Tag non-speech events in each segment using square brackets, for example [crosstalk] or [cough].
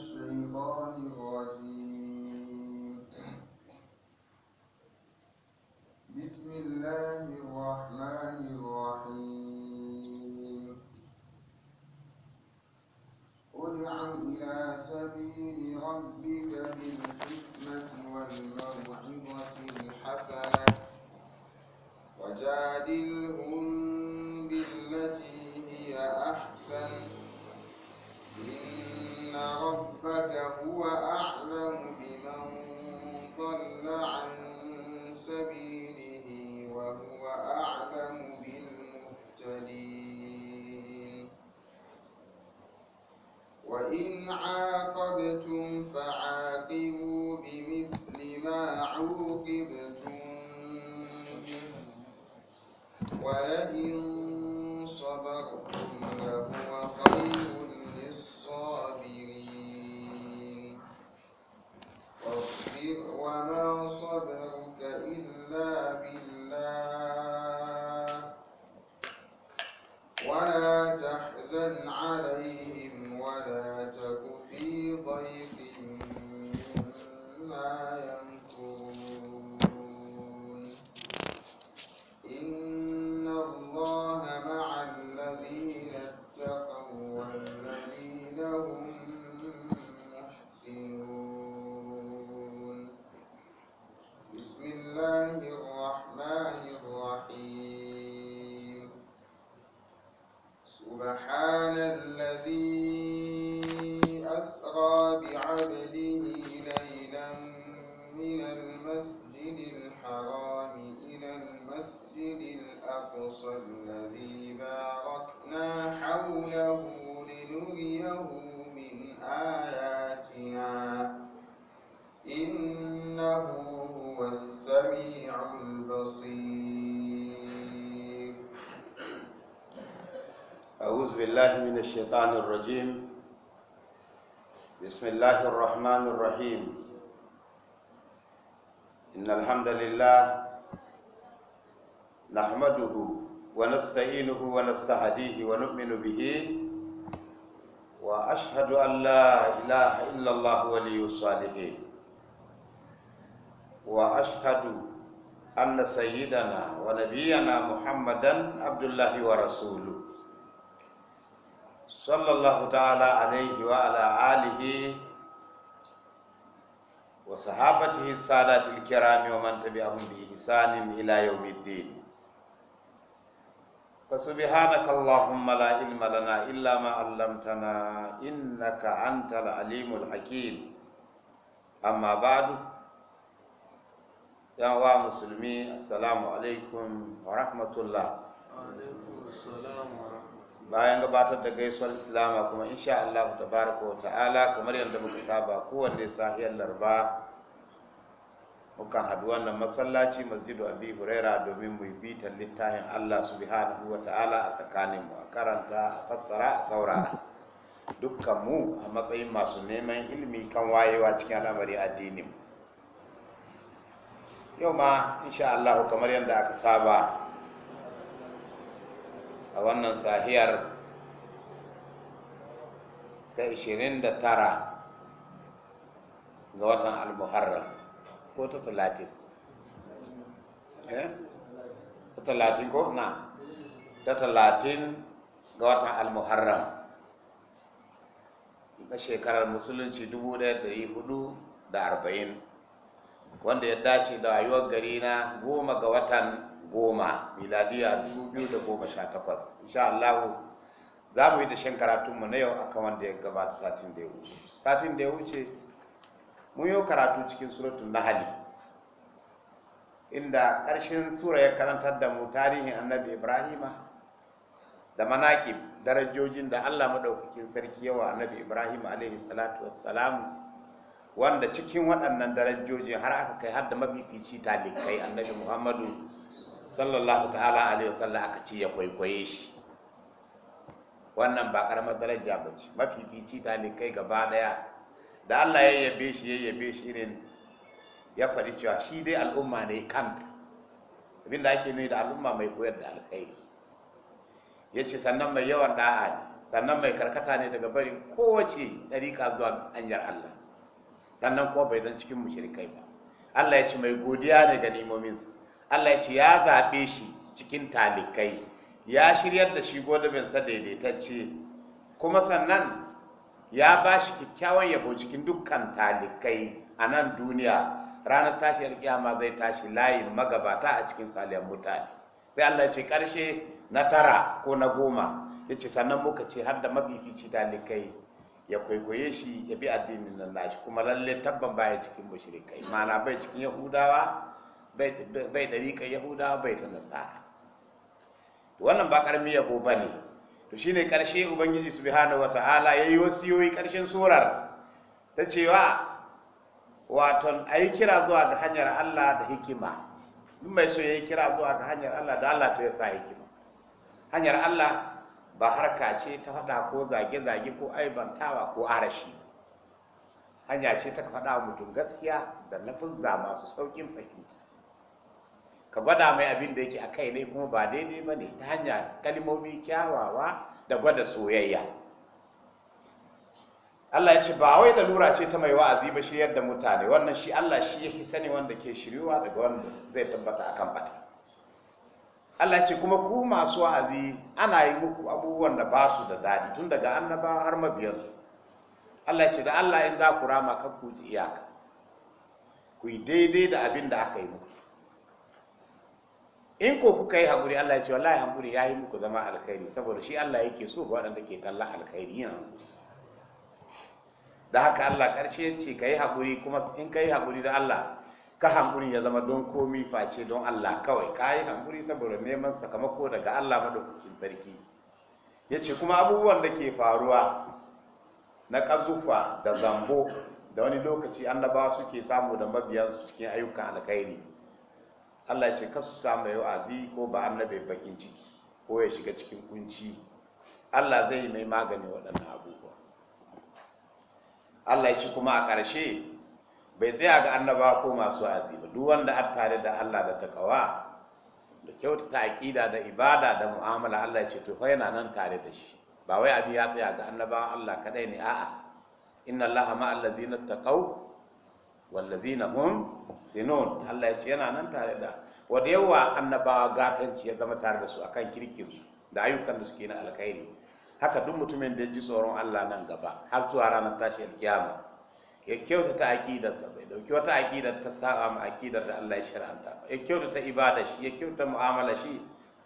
الشيطان الرجيم بسم الله الرحمن الرحيم ادع إلى سبيل ربك بالحكمة والموعظة الحسنة وجادلهم بالتي هي أحسن ربك هو أعلم بمن ضل عن سبيله وهو أعلم بالمهتدين وإن عاقبتم فعاقبوا بمثل ما عوقبتم به ولئن صبرتم لهو خير للصابرين البشر وما صبرك إلا بالله ولا تحزن عليه الذي باركنا حوله لنريه من آياتنا إنه هو السميع البصير أعوذ بالله من الشيطان الرجيم بسم الله الرحمن الرحيم إن الحمد لله نحمده ونستعينه ونستهديه ونؤمن به وأشهد أن لا إله إلا الله ولي الصالحين وأشهد أن سيدنا ونبينا محمدا عبد الله ورسوله صلى الله تعالى عليه وعلى آله وصحابته السادات الكرام ومن تبعهم بإحسان إلى يوم الدين فسبحانك اللهم لا علم لنا إلا ما علمتنا إنك أنت العليم الحكيم أما بعد يا مسلمي السلام عليكم ورحمة الله bayan gabatar da gaisuwar Islam, kuma insha Allah tabaraka wa ta'ala kamar yadda muka saba kowanne safiyar larba mukan haɗu wannan masallaci masjidu abi huraira domin mu bita littafin allah subhanahu wa ta'ala a tsakanin mu a karanta a fassara a saurara dukkan mu a matsayin masu neman ilimi kan wayewa cikin al'amari addinin mu yau ma insha allah kamar yadda aka saba a wannan sahiyar ta 29 ga watan al-muharram ko ta talatin eh? ta talatin ko na ta talatin ga watan al-Muharram, na shekarar musulunci 1440 wanda ya dace da rayuwar gari na goma ga watan goma miladiya 2018 insha Allah za mu yi da shan karatunmu na yau akan wanda ya gabata satin da ya wuce satin da ya wuce mun yi karatu cikin suratun nahali inda ƙarshen sura ya karantar da mu tarihin annabi ibrahima da manaƙib darajojin da allah maɗaukakin sarki yawa annabi ibrahim alaihi salatu wanda cikin waɗannan darajojin har aka kai har da mafifici talikai annabi muhammadu sallallahu ta'ala alaihi wasallam aka ci ya kwaikwaye shi wannan ba ƙaramar daraja ba ce mafifici talikai gaba ɗaya da Allah ya yabe shi ya yabe shi irin ya faɗi cewa shi dai al'umma ne kanta abin da ake nuni da al'umma mai koyar da alkhairi ya ce sannan mai yawan da'a ne sannan mai karkata ne daga bari kowace ɗarika zuwa hanyar Allah sannan kuma bai zan cikin mushrikai ba Allah ya ce mai godiya ne ga nimominsa Allah ya ce ya zaɓe shi cikin talikai ya shiryar da shi godabinsa daidaitacce kuma sannan ya ba shi kyakkyawan yabo cikin dukkan talikai a nan duniya ranar tashi alƙiyama zai tashi layin magabata a cikin saliyan mutane sai Allah ce ƙarshe na tara ko na goma ya ce sannan muka ce har da mafifici talikai ya kwaikwaye shi ya bi addinin nan nashi kuma lalle tabban baya cikin mushrikai mana bai cikin yahudawa bai dariƙar yahudawa bai ta nasara wannan ba ƙarmi yabo ba ne to shine karshe ubangiji subhanahu wataala yayi wasiyoyi karshen surar ta cewa waton ayi kira zuwa ga hanyar Allah da hikima duk mai so yayi kira zuwa ga hanyar Allah da Allah ta ya hikima hanyar Allah ba harka ce ta faɗa ko zage-zage ko aibantawa ko arashi hanya ce ta faɗa mutum gaskiya da na fizza masu sauƙin fahimta ka gwada mai abin da yake a kai ne kuma ba daidai ba ne ta hanya kalmomi kyawawa da gwada soyayya Allah ya ce ba wai da lura ce ta mai wa'azi ba shi yadda mutane wannan shi Allah shi yake sani wanda ke shiriwa daga wanda zai tabbata akan bata Allah ce kuma ku masu wa'azi ana yi muku abubuwan da ba su da daɗi tun daga annaba har mabiyansu Allah ce da Allah in za ku rama kan ku iyaka ku yi daidai da abin da aka yi muku in ko kuka yi haƙuri Allah ya ce wallahi haƙuri ya yi muku zama alkhairi saboda shi Allah yake so ga waɗanda ke kalla alkhairi yana da haka Allah ƙarshe ce ka yi haƙuri kuma in ka yi haƙuri da Allah ka haƙuri ya zama don komi face don Allah kawai ka yi haƙuri saboda neman sakamako daga Allah madaukakin sarki ya ce kuma abubuwan da ke faruwa na ƙazufa da zambo da wani lokaci annabawa suke samu da mabiyansu cikin ayyukan alkhairi Allah ya ce kasu samu yau azi ko ba annabi bakin ciki ko ya shiga cikin kunci Allah zai mai magani waɗannan abubuwa Allah ya ce kuma a ƙarshe bai tsaya ga annaba ko masu azi ba duk wanda a tare da Allah da takawa da kyautata aƙida da ibada da mu'amala Allah ya ce to fa yana nan tare da shi ba wai abin ya tsaya ga annabawan Allah kadai ne a'a inna allaha ma allazina taqaw wallazina hum Sinon. Allah ya ce yana nan tare da wanda yawa annabawa gatanci ya zama tare da su akan kirkin su da ayyukan da suke na alkhairi haka duk mutumin da ji tsoron Allah nan gaba har zuwa ranar tashi alkiyama ya kyauta ta aqidar sa bai dauki wata aqidar ta saba ma aqidar da Allah ya shar'anta ya kyauta ta ibada shi ya kyauta mu'amala shi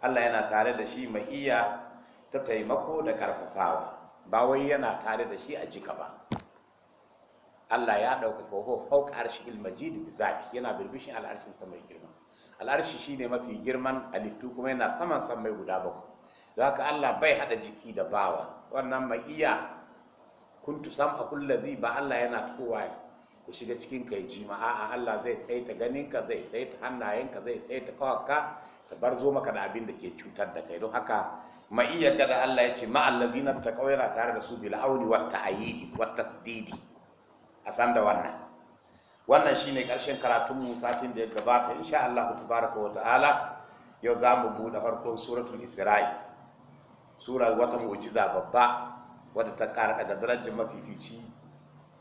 Allah yana tare da shi mai iya ta taimako da karfafawa ba wai yana tare da shi a jika ba Allah ya ɗaukaka ko fauka arshi ilmajid zati yana birbishin al'arshin sa mai girma al'arshi shi ne mafi girman halittu kuma yana saman san mai guda bakwai za haka Allah bai haɗa jiki da bawa wannan iya kuntu sam a kullazi ba Allah yana tukowa ya shiga cikin kai jima a'a Allah zai saita ganinka zai saita hannayenka zai saita kawaka ta bar zo maka da abin da ke cutar da kai don haka ma'iyyar gada Allah ya ce ma'allazina ta kawai tare da su bil auni wat ta'yidi wat sididi. a san da wannan wannan shine karshen karatun mu satin da ya gabata insha Allah tabaraka wa ta'ala yau za mu buɗe farkon suratul isra'i sura wata mu'jiza babba wadda ta ƙara daga darajar mafifici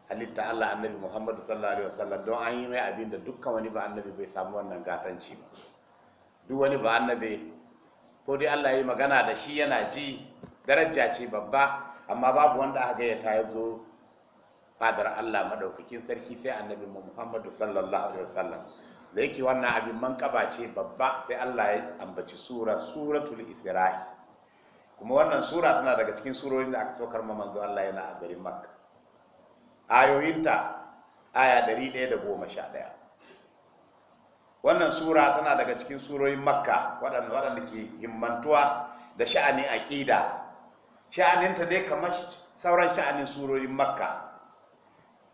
halitta Allah annabi Muhammadu sallallahu alaihi wasallam don an yi mai abin da dukkan wani ba annabi bai samu wannan gatanci ba duk wani ba annabi ko dai Allah ya yi magana da shi yana ji daraja ce babba amma babu wanda aka gayyata ya zo fadar Allah madaukakin sarki sai annabi Muhammadu sallallahu alaihi wasallam da yake wannan abin manƙaba ce babba sai Allah ya ambaci sura suratul isra'i kuma wannan sura tana daga cikin surorin da aka saukar ma manzo Allah yana a garin Makka ayoyinta aya 111 wannan sura tana daga cikin surorin Makka waɗanda wadanda ke himmantuwa da sha'ani aqida sha'aninta dai kamar sauran sha'anin surorin Makka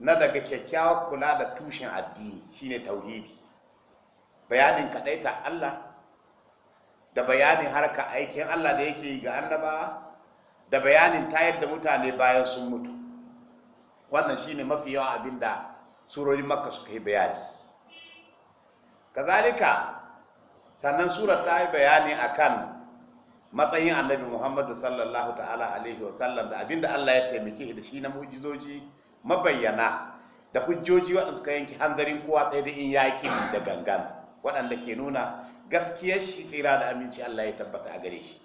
na daga kyakkyawar kula da tushen addini shine tauhidi bayanin kadaita Allah da bayanin harka aikin Allah da yake yi ga annaba da bayanin tayar da mutane bayan sun mutu wannan shine mafi yawa abinda surorin makka suka yi bayani kazalika sannan surar ta yi bayani akan matsayin annabi muhammadu sallallahu ta'ala alaihi wasallam da abinda allah ya taimake da shi na mujizoji mabayyana da hujjoji waɗanda suka yanki hanzarin kowa sai da in yaƙi da gangan waɗanda ke nuna gaskiyar shi tsira da aminci Allah ya tabbata a gare shi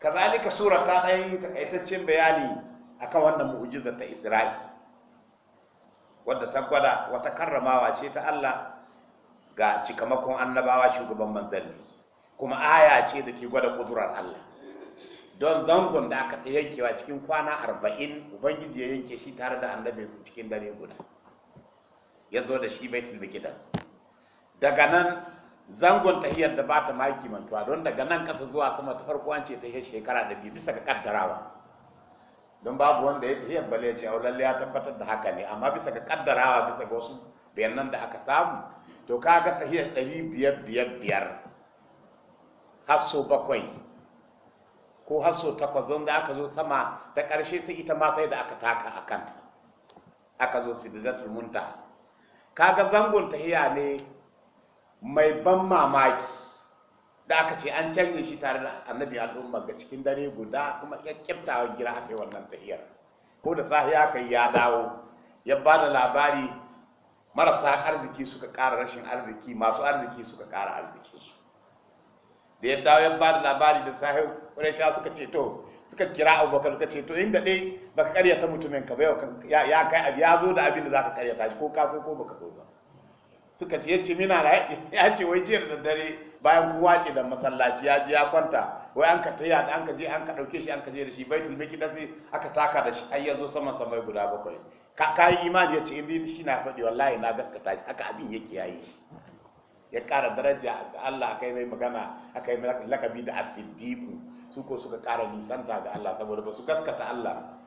kazalika sura ta ɗaya yi takaitaccen bayani akan wannan mu'ujizar ta Isra'i wadda ta gwada wata karramawa ce ta Allah ga cikamakon annabawa shugaban manzanni kuma aya ce da ke gwada ƙudurar Allah don zangon da aka ta yankewa cikin kwana arba'in ubangiji ya yanke shi tare da annabinsa cikin dare guda ya zo da shi baitul mikidas daga nan zangon tahiyar da ba ta maki mantuwa don daga nan kasa zuwa sama ta farko an ce tahiyar shekara da biyu bisa ga kaddarawa don babu wanda ya tahiyar bale ce oh, a ya tabbatar da haka ne amma bisa ga kaddarawa bisa ga wasu bayanan da aka samu to kaga tahiyar ɗari biyar biyar biyar har bakwai ko har so takwas don da aka zo sama ta ƙarshe sai ita ma sai da aka taka a kanta aka zo sidratul munta kaga zangon tahiya ne mai ban mamaki da aka ce an canye shi tare da annabi al'umma ga cikin dare guda kuma ya kyaftawa gira a kai wannan tahiyar ko da ya kai ya dawo ya ba da labari marasa arziki suka ƙara rashin arziki masu arziki suka ƙara arzikinsu da ya dawo ya ba da labari da sahihu sha suka ce to suka kira abubakar suka ce to inda dai baka karyata mutumin ka bai ya kai abu ya zo da abin da zaka karyata shi ko ka so ko baka so ba suka ce yace mina da [laughs] ya ce wai jiya da dare bayan kuwa ce da masallaci ya ji ya kwanta wai an ka taya da an ka je an ka dauke shi an ka je da shi baitul dasi aka taka da shi ai ya zo saman samai guda bakwai ka yi imani yace in shi na faɗi wallahi na gaskata shi haka abin yake yayi ya ƙara daraja ga Allah akai mai magana akai mai lakabi da asidiku su ko suka ƙara nisanta ga Allah saboda ba su gaskata Allah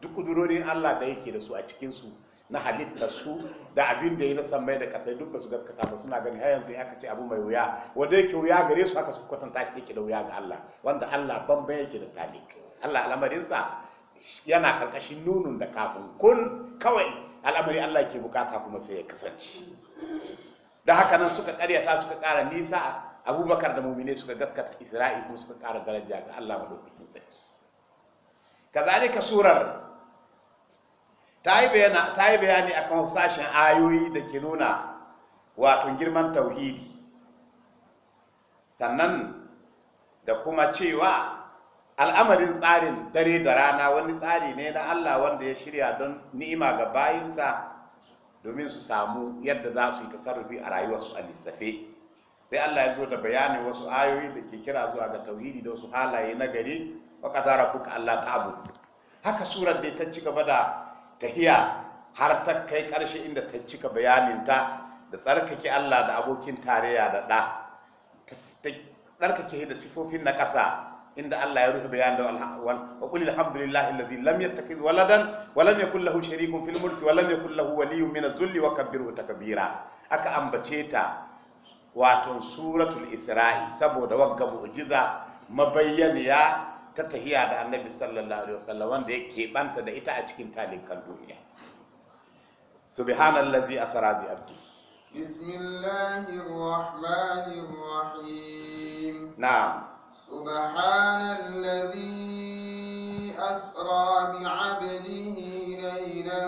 duk kudurorin Allah da yake da su a cikinsu na halitta su da abin da ya na san mai da kasai duk ba su gaskata ba suna ganin har yanzu ya kace abu mai wuya wanda yake wuya gare su haka su kwatanta shi yake da wuya ga Allah wanda Allah bamba yake da talik Allah al'amarinsa yana karkashin nunun da kafin kun kawai al'amari Allah ke bukata kuma sai ya kasance da haka nan suka karyata suka kara nisa abubakar da mumine suka gaskata isra'i kuma suka kara daraja ga allah madaukakin sarki kazalika surar ta yi bayani a kan sashen ayoyi da ke nuna wato girman tauhidi sannan da kuma cewa al'amarin tsarin dare da rana wani tsari ne na allah wanda ya shirya don ni'ima ga bayinsa domin su samu yadda za su yi sarrafi a rayuwarsu a lissafe sai Allah ya zo da bayanin wasu ayoyi da ke kira zuwa ga tauhidi da wasu halaye na gari wa zara kuka Allah abu. haka surar da ta ci gaba da tahiya har ta kai karshe inda ta cika bayanin ta da tsarkake Allah da abokin tarayya da ɗa tsarkake da sifofin na ƙasa inda Allah ya rufe bayan da wa qul alhamdulillahi allazi lam yattakhidh waladan wa lam yakul lahu sharikun fil mulki wa lam yakul lahu waliyyun min az-zulli wa kabbirhu takbira aka ambace ta wato suratul isra'i saboda wagga mu'jiza mabayyaniya ta tahiya da annabi sallallahu alaihi wasallam wanda ya keɓanta da ita a cikin talikan duniya subhanallazi asra bi abdi bismillahir rahmanir rahim na'am سبحان الذي أسرى بعبده ليلا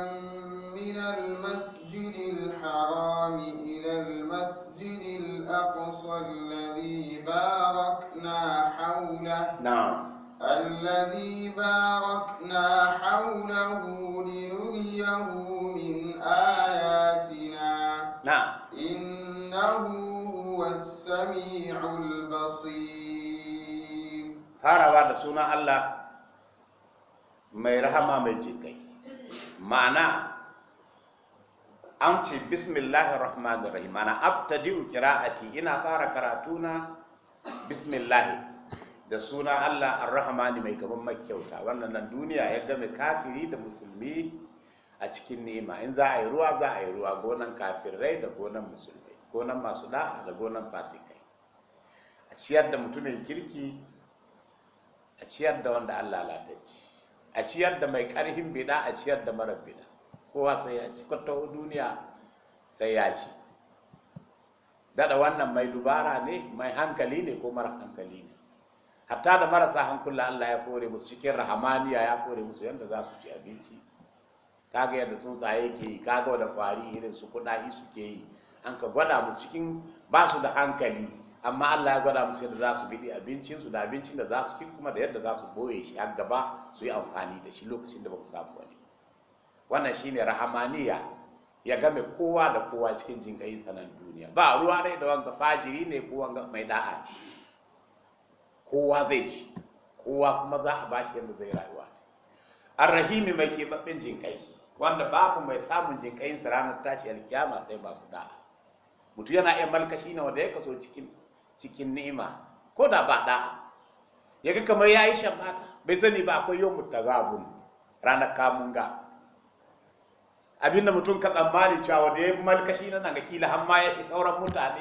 من المسجد الحرام إلى المسجد الأقصى الذي باركنا حوله نعم الذي باركنا حوله لنريه من آياته farawa da suna Allah mai rahama mai jikai ma'ana an ce bismillahir rahmanir rahim ma'ana abtadi'u qira'ati ina fara karatuna "bismillahi" da suna Allah arrahmani mai gaban makyauta wannan nan duniya ya game kafiri da musulmi a cikin nema, in za a yi ruwa za a yi ruwa gonan kafirai da gonan musulmai gonan masu da'a da gonan fasikai a ciyar da mutumin kirki a ciyar da wanda Allah lalatacci a ciyar da mai karhin bida a ciyar da mara bida kowa sai ya ci kwata duniya sai ya ci dada wannan mai dubara ne mai hankali ne ko mara hankali ne hatta da marasa hankula Allah ya kore musu cikin rahamaniya ya kore musu yadda za su ci abinci kaga yadda tsuntsaye ke yi kaga da kwari irin su kuɗaɗi suke yi an ka gwada musu cikin ba su da hankali amma Allah ya gwada musu yadda za su biɗi abincinsu da abincin da za su ci kuma da yadda za su boye shi a gaba su yi amfani da shi lokacin da ba ku samu wani wannan shine rahamaniya ya game kowa da kowa cikin kai sanan duniya ba ruwa dai da wanga fajiri ne ko wanga mai da'a kowa zai ci kowa kuma za a bashi yadda zai rayuwa arrahimi mai keɓaɓɓen kai wanda babu mai samun jin kai ranar tashi alkiyama sai ba su da'a mutum yana iya malkashi na wanda ya kaso cikin cikin ni'ima ko da ba da yaga kamar ya yi shamata bai sani ba akwai yau abun ranar kamun ga abinda mutum ka tsammani cewa wanda ya malkashi na nan ga kila har ma ya sauran mutane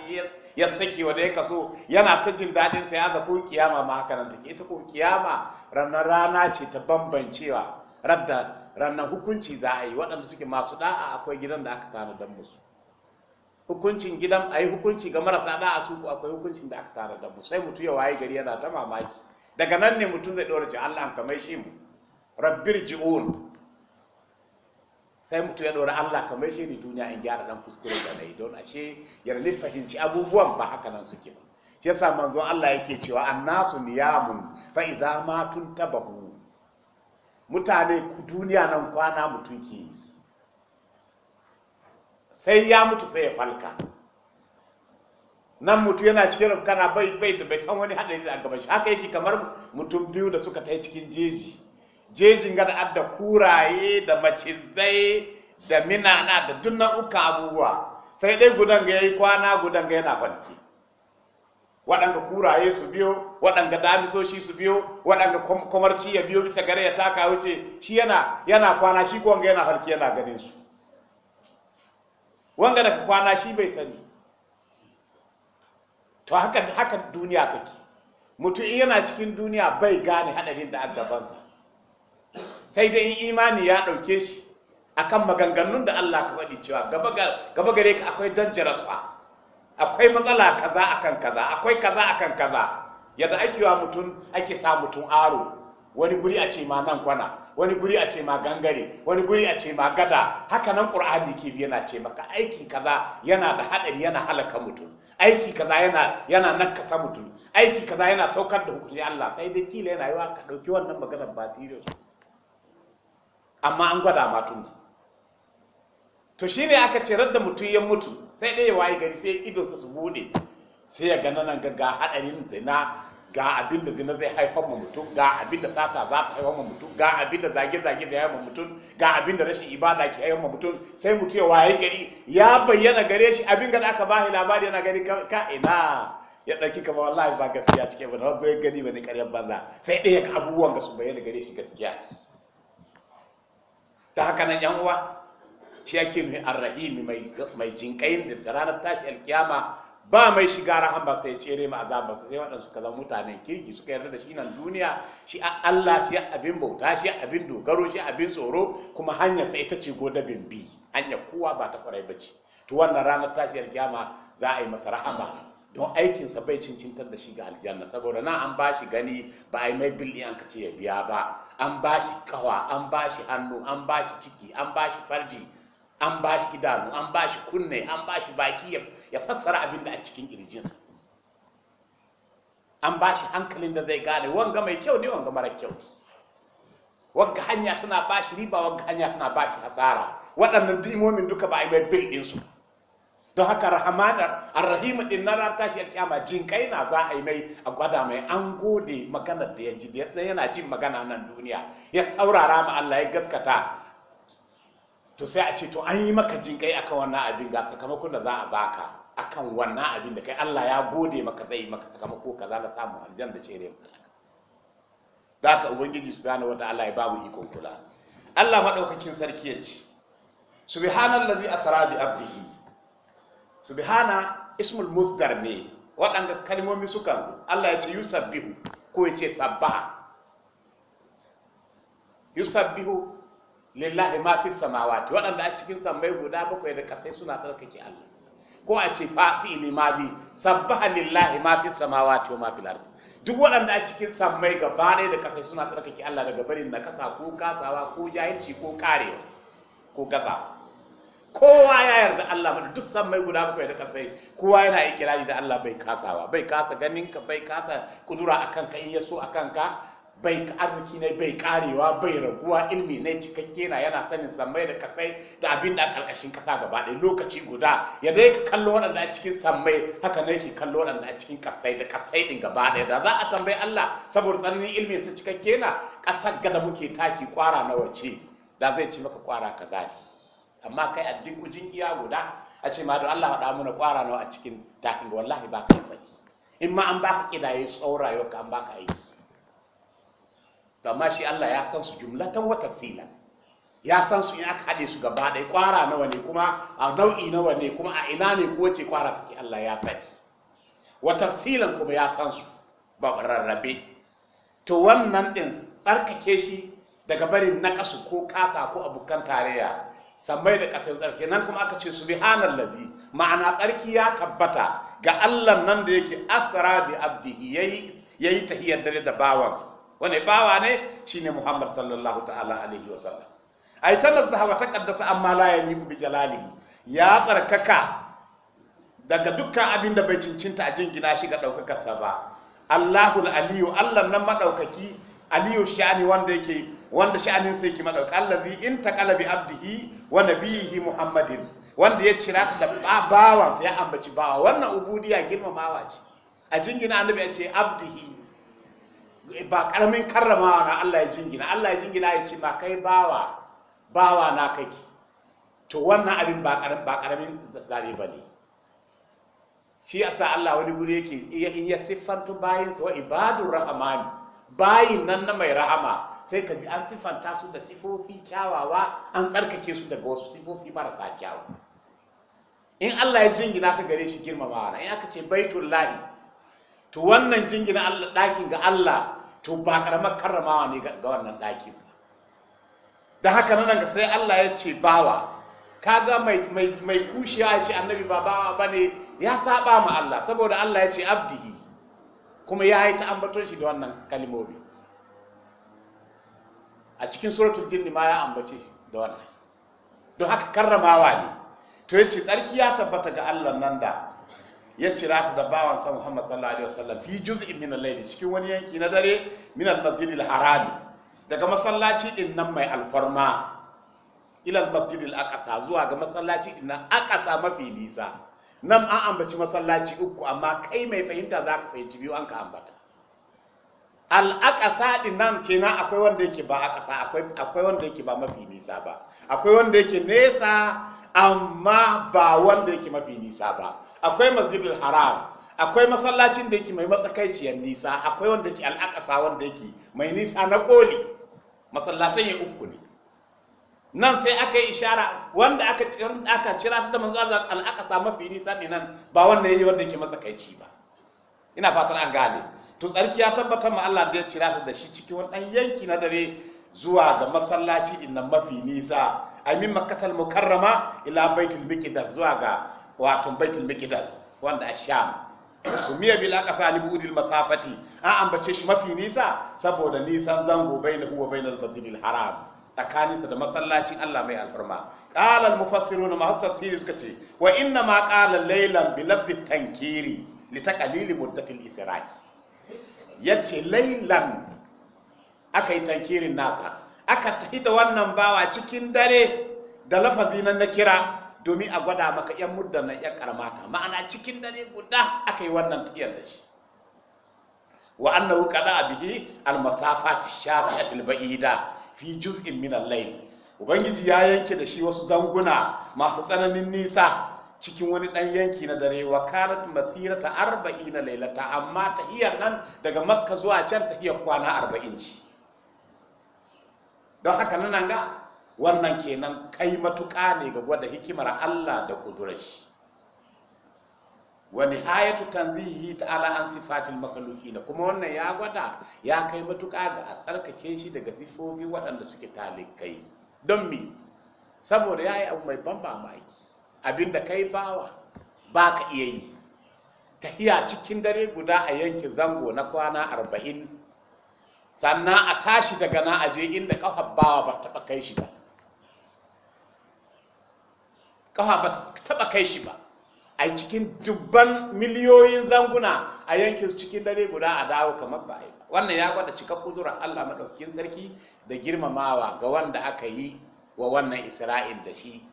ya saki wanda ya kaso yana ta jin daɗin sa ya ko kiyama ma haka nan take ita ko kiyama ranar rana ce ta bambancewa ranar hukunci za a yi waɗanda suke masu ɗa'a akwai gidan da aka tanadan musu hukuncin gidan a yi hukunci ga marasa da a suku akwai hukuncin da aka tara da mu sai mutu ya waye gari yana ta mamaki daga nan ne mutum zai ɗora ce Allah an shi mu rabbir ji'un sai mutu ya ɗora Allah ka shi ne duniya in gyara dan kuskure da na yi don ashe rali fahimci abubuwan ba haka nan suke ba shi yasa manzon Allah yake cewa annasu niyamun fa iza ma tuntabahu mutane duniya nan kwana mutum ke yi sai ya mutu sai ya falka nan mutu yana cikin rafkana bai bai da bai san wani hadari da gaban shi haka yake kamar mutum biyu da suka tai cikin jeji jejin gada adda kuraye da macizai da minana da dunnan uka abubuwa sai dai gudan ga yayi kwana gudan ga yana farki waɗanga kuraye su biyo waɗanga damisoshi su biyo waɗanga kwamarci ya biyo bisa gare ya taka wuce shi yana kwana shi kuwan yana farki yana ganin su wanga da kwana shi bai sani to haka haka duniya take mutum yana cikin duniya bai gane hadarin da agabansa sai dai in imani ya ɗauke shi akan maganganun da Allah ka faɗi cewa gaba gare ka akwai dangerous fa akwai matsala kaza akan kaza akwai kaza akan kaza yadda ake wa mutum ake sa mutum aro wani guri a ce ma nan kwana wani guri a ce ma gangare wani guri a ce ma gada haka nan ƙur'ani ke yana ce maka aikin kaza yana da haɗari yana halaka mutum aiki kaza yana yana nakasa mutum aiki kaza yana saukar da hukunci Allah sai dai kila yana yawa ka ɗauki wannan maganar ba serious amma an gwada ma tun to ne aka ce radda mutum ya mutu sai ɗaya ya waye gari sai idonsa su buɗe, sai ya ga nan gaga haɗarin zina ga abin da zina zai haifar ma mutum ga abin da sata za ta haifar ma mutum ga abin da zage-zage zai haifar mu mutum ga abin da rashin ibada ke haifar ma mutum sai mutum ya waye gari ya bayyana gare shi abin da aka bashi labari yana gani ka ina ya ɗauki kamar wallahi ba gaskiya cike ba na goyon gani ba karyar ƙaryar banza sai ɗaya abubuwan ga su bayyana gare shi gaskiya ta haka nan yan uwa shi yake mai arrahimi mai jinkayin da ranar tashi alkiyama ba mai shiga rahama sai cere ma azaba sai waɗansu kaza mutanen kirki suka yarda da shi nan duniya shi a Allah shi a abin bauta shi a abin dogaro shi a abin tsoro kuma hanyar sai ita ce godabin bi hanya kowa ba ta kwarai ba to wannan ranar tashi alkiyama za a yi masa rahama don aikinsa bai cincintar da shi ga aljanna saboda na an bashi gani ba ai mai bil an ce ya biya ba an bashi kawa an bashi hannu an bashi ciki an bashi farji an ba shi idanu an ba shi kunne an ba shi baki ya fassara abin da a cikin kirjinsa an ba shi hankalin da zai gane wanga mai kyau ne wanga mara kyau ne wanga hanya tana ba shi riba wanga hanya tana ba shi hasara waɗannan dimomin duka ba a yi mai bil ɗinsu don haka rahamanar arrahimu ɗin na ran tashi kyama. jin kai na za a yi mai a gwada mai an gode maganar da ya ji da ya yana jin magana nan duniya ya saurara ma Allah ya gaskata to sai a ce to an yi maka jin kai akan wannan abin ga sakamakon da za a baka akan wannan abin da kai Allah ya gode maka zai maka sakamako kaza na samu aljanna da cere maka da ka ubangiji subhanahu wataala ya babu ikon kula Allah madaukakin sarki ya ce subhanallazi asra bi abdihi subhana ismul musdar ne waɗanda kalmomi sukan Allah ya ce yusabbihu ko ya ce sabbaha yusabbihu lillahi ma fi samawati waɗanda a cikin sammai guda bakwai da kasai suna tsarkake Allah ko a ce fa'ili ma bi sabbaha lillahi ma fi samawati wa ma fil ardi duk waɗanda a cikin sammai gaba ɗaya da kasai suna tsarkake Allah daga barin na kasa ko kasawa ko jahilci ko karewa ko gaza kowa ya yarda Allah mana duk sammai guda bakwai da kasai kowa yana ikirari da Allah bai kasawa bai kasa ganin ka bai kasa kudura akan ka in yaso akan ka bai arziki ne bai karewa bai raguwa ilmi ne cikakke na yana sanin sammai da kasai da abin da karkashin kasa gaba ɗaya lokaci guda ya dai ka kallo waɗanda a cikin samai haka ne ke kallo waɗanda a cikin kasai da kasai ɗin gaba ɗaya da za a tambayi Allah saboda tsananin ilmi sa cikakke na ga da muke taki kwara nawa ce da zai ci maka kwara ka gadi amma kai a kujin iya guda a ce ma don Allah faɗa mana kwara nawa a cikin takin wallahi ba ka faɗi in ma an baka kidaye tsawon ka an baka aiki amma shi Allah ya san su jumlatan wa tafsila ya san su in aka haɗe su gaba ɗaya kwara nawa ne kuma a nau'i nawa ne kuma a ina ne ko wace kwara take Allah ya sani wa tafsilan kuma ya san su ba rarrabe to wannan ɗin tsarkake shi daga barin na kasu ko kasa ko abokan tarayya sammai da kasar tsarki nan kuma aka ce subhanan lazi ma'ana tsarki ya tabbata ga Allah nan da yake asra bi abdihi yayi yayi tahiyar dare da bawansa wane bawa ne shine muhammad sallallahu ta'ala alaihi wasallam ai tanazzaha hawa ta kaddasa amma la yaliqu bi jalalihi ya tsarkaka daga dukkan abin da bai cincinta a jingina shi ga sa ba allahul aliyu allah nan madaukaki aliyu sha'ani wanda yake wanda sha'anin sai yake madauka allazi in taqala bi abdihi wa nabiyihi muhammadin wanda ya cira da bawansa ya ambaci bawa wannan ubudiya girmamawa ce a jingina annabi ya ce abdihi ba karamin karramawa na Allah ya jingina Allah ya jingina ya ce ma kai bawa bawa na kake to wannan abin ba karamin ba karamin zare bane shi yasa Allah wani guri yake in ya siffantu bayin sa wa ibadur rahmani bayin nan na mai rahama sai ka ji an siffanta su da sifofi kyawawa an tsarkake su daga wasu sifofi marasa kyawu in Allah ya jingina ka gare shi girmamawa in aka ce baitullahi to wannan jingina Allah ɗakin ga Allah to ba karamar karramawa ne ga wannan ɗaki ba da haka nan sai Allah ya ce bawa kaga mai mai mai kushiya shi annabi ba bawa bane ya saba ma Allah saboda Allah ya ce abdihi kuma ya yi ta'ambaton shi da wannan kalmomi a cikin suratul jinni ma ya ambace da wannan don haka karramawa ne to yace tsarki ya tabbata ga Allah nan da ya cira ta da bawan sa Muhammad sallallahu alaihi wasallam fi juz'in min al-layl cikin wani yanki na dare min al-masjid al-haram daga masallaci din nan mai alfarma ila al-masjid al-aqsa zuwa ga masallaci din nan aqsa mafi nisa nan an ambaci masallaci uku amma kai mai fahimta zaka fahimci biyu an ka ambata al'aƙasa nan kenan akwai wanda yake ba akasa, akwai wanda yake ba mafi nisa ba akwai wanda yake nesa amma ba wanda yake mafi nisa ba akwai masjidul haram akwai masallacin da yake mai matsakaiciyar nisa akwai wanda yake al'akasa wanda yake mai nisa na koli masallatan ya uku ne nan sai aka yi ishara wanda aka aka cira ta manzo Allah mafi nisa ne nan ba wanda yake wanda yake matsakaici ba ina fatan an gane to tsarki ya tabbatar ma Allah da ya cira ta da shi cikin wani ɗan yanki na dare zuwa ga masallaci inna mafi nisa a min makkatal mukarrama ila baitul miqdas zuwa ga wato baitul miqdas wanda a sham sumiya bila ƙasa budil masafati an ambace shi mafi nisa saboda nisan zango bainahu wa bainal masjidil haram tsakaninsa da masallacin Allah mai alfarma qala al mufassiruna ma tafsiri suka ce wa inna ma qala laylan bi lafzi tankiri li taqlili muddatil isra'i ya ce lailan aka yi tankirin nasa aka tafi da wannan bawa cikin dare da lafazi na kira domin a gwada maka 'yan muddan na 'yan karmata ma'ana cikin dare guda aka yi wannan tafiyar da shi wa annahu qada bihi al-masafat shasiat al-ba'ida fi juz'in min al-layl ubangiji ya yanke da shi wasu zanguna masu tsananin nisa cikin wani ɗan yanki na dare wa kanat masira ta arba'i na lailata amma ta iya nan daga makka zuwa can ta iya kwana arba'in ci don haka nan ga wannan kenan kai matuƙa ne ga gwada hikimar allah da ƙudurar shi wa nihayatu tanzihi ta'ala an sifatil makhluqin kuma wannan ya gwada ya kai matuƙa ga a tsarkake shi daga sifofi waɗanda suke talikai don me saboda ya yi abu mai ban mamaki Abin abinda kai bawa ba ka iya yi tahiya cikin dare guda a yanki zango na kwana arba'in sannan a tashi daga na aje inda kafa bawa ba taɓa kai shi ba kafa ba taɓa kai shi ba a cikin dubban miliyoyin zanguna a yankin cikin dare guda a dawo kamar ba yi wannan ya gwada cika kudurar allah maɗaukakin sarki da girmamawa ga wanda aka yi wa wannan isra'il da shi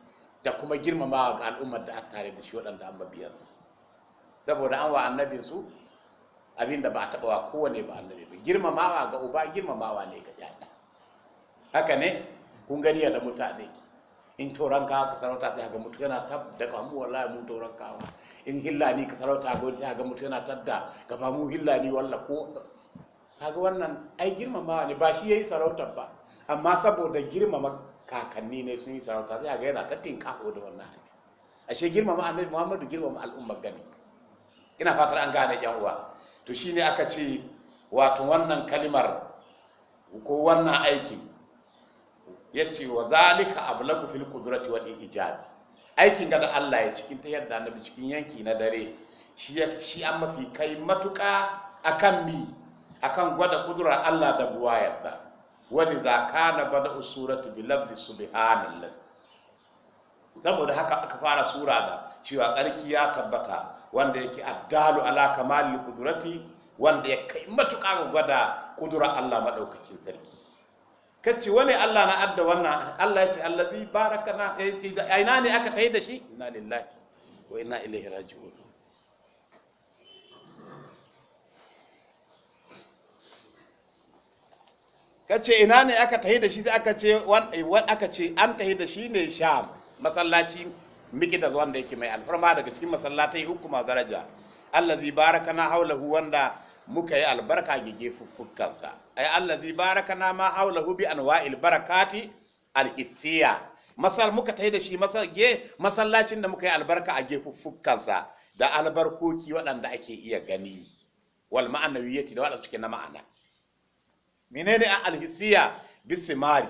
da kuma girmama ga al'ummar da aka tare da shi waɗanda an mabiyansa saboda an wa annabin su abin da ba a taɓa wa kowane ba annabi ba girmamawa ga uba girmamawa ne ga ɗaya haka ne kun gani da mutane in tauran kawa ka sarauta sai ga mutu yana tab da kamu wallahi mu tauran kawa in hillani ka sarauta ga sai ga mutu yana da gaba mu hillani walla ko kaga wannan ai girmamawa ne ba shi yayi sarautar ba amma saboda girmama kakanni ne sun yi sarauta sai a ga yana kattin kaho da wannan hanya ashe girmama annabi muhammadu girmama al'umma gani ina fatar an gane yan uwa to shine aka ce wato wannan kalimar ko wannan aikin ya ce wa zalika ablagu fil qudrati wal ijaz aikin ga Allah ya cikin ta yadda annabi cikin yanki na dare shi shi an mafi kai matuka akan mi akan gwada kudura Allah da buwayarsa ولذا كان بدأ السورة بلفظ سبحان الله saboda haka aka fara sura da cewa tsarki ya tabbata wanda yake addalu ala kamalil kudurati, wanda ya kai matuƙa ga gwada kudura Allah madaukakin sarki kace wani Allah na adda wannan Allah ya ce allazi barakana ina ne aka tayi da shi inna lillahi wa ina ilaihi raji'un kace ina ne aka tahi da shi sai aka ce wan aka ce an tahi da shi ne sham masallaci miki da da yake mai alfarma daga cikin masallatai uku masu daraja allazi barakana haulahu wanda muka yi albarka ga gefuffukansa ay allazi barakana ma haulahu bi anwa'il barakati alhissiya masal muka tahi da shi masallacin da muka yi albarka a gefuffukansa da albarkoki waɗanda ake iya gani wal ma'anawiyyati da waɗanda suke na ma'ana menene alhisiya bisimari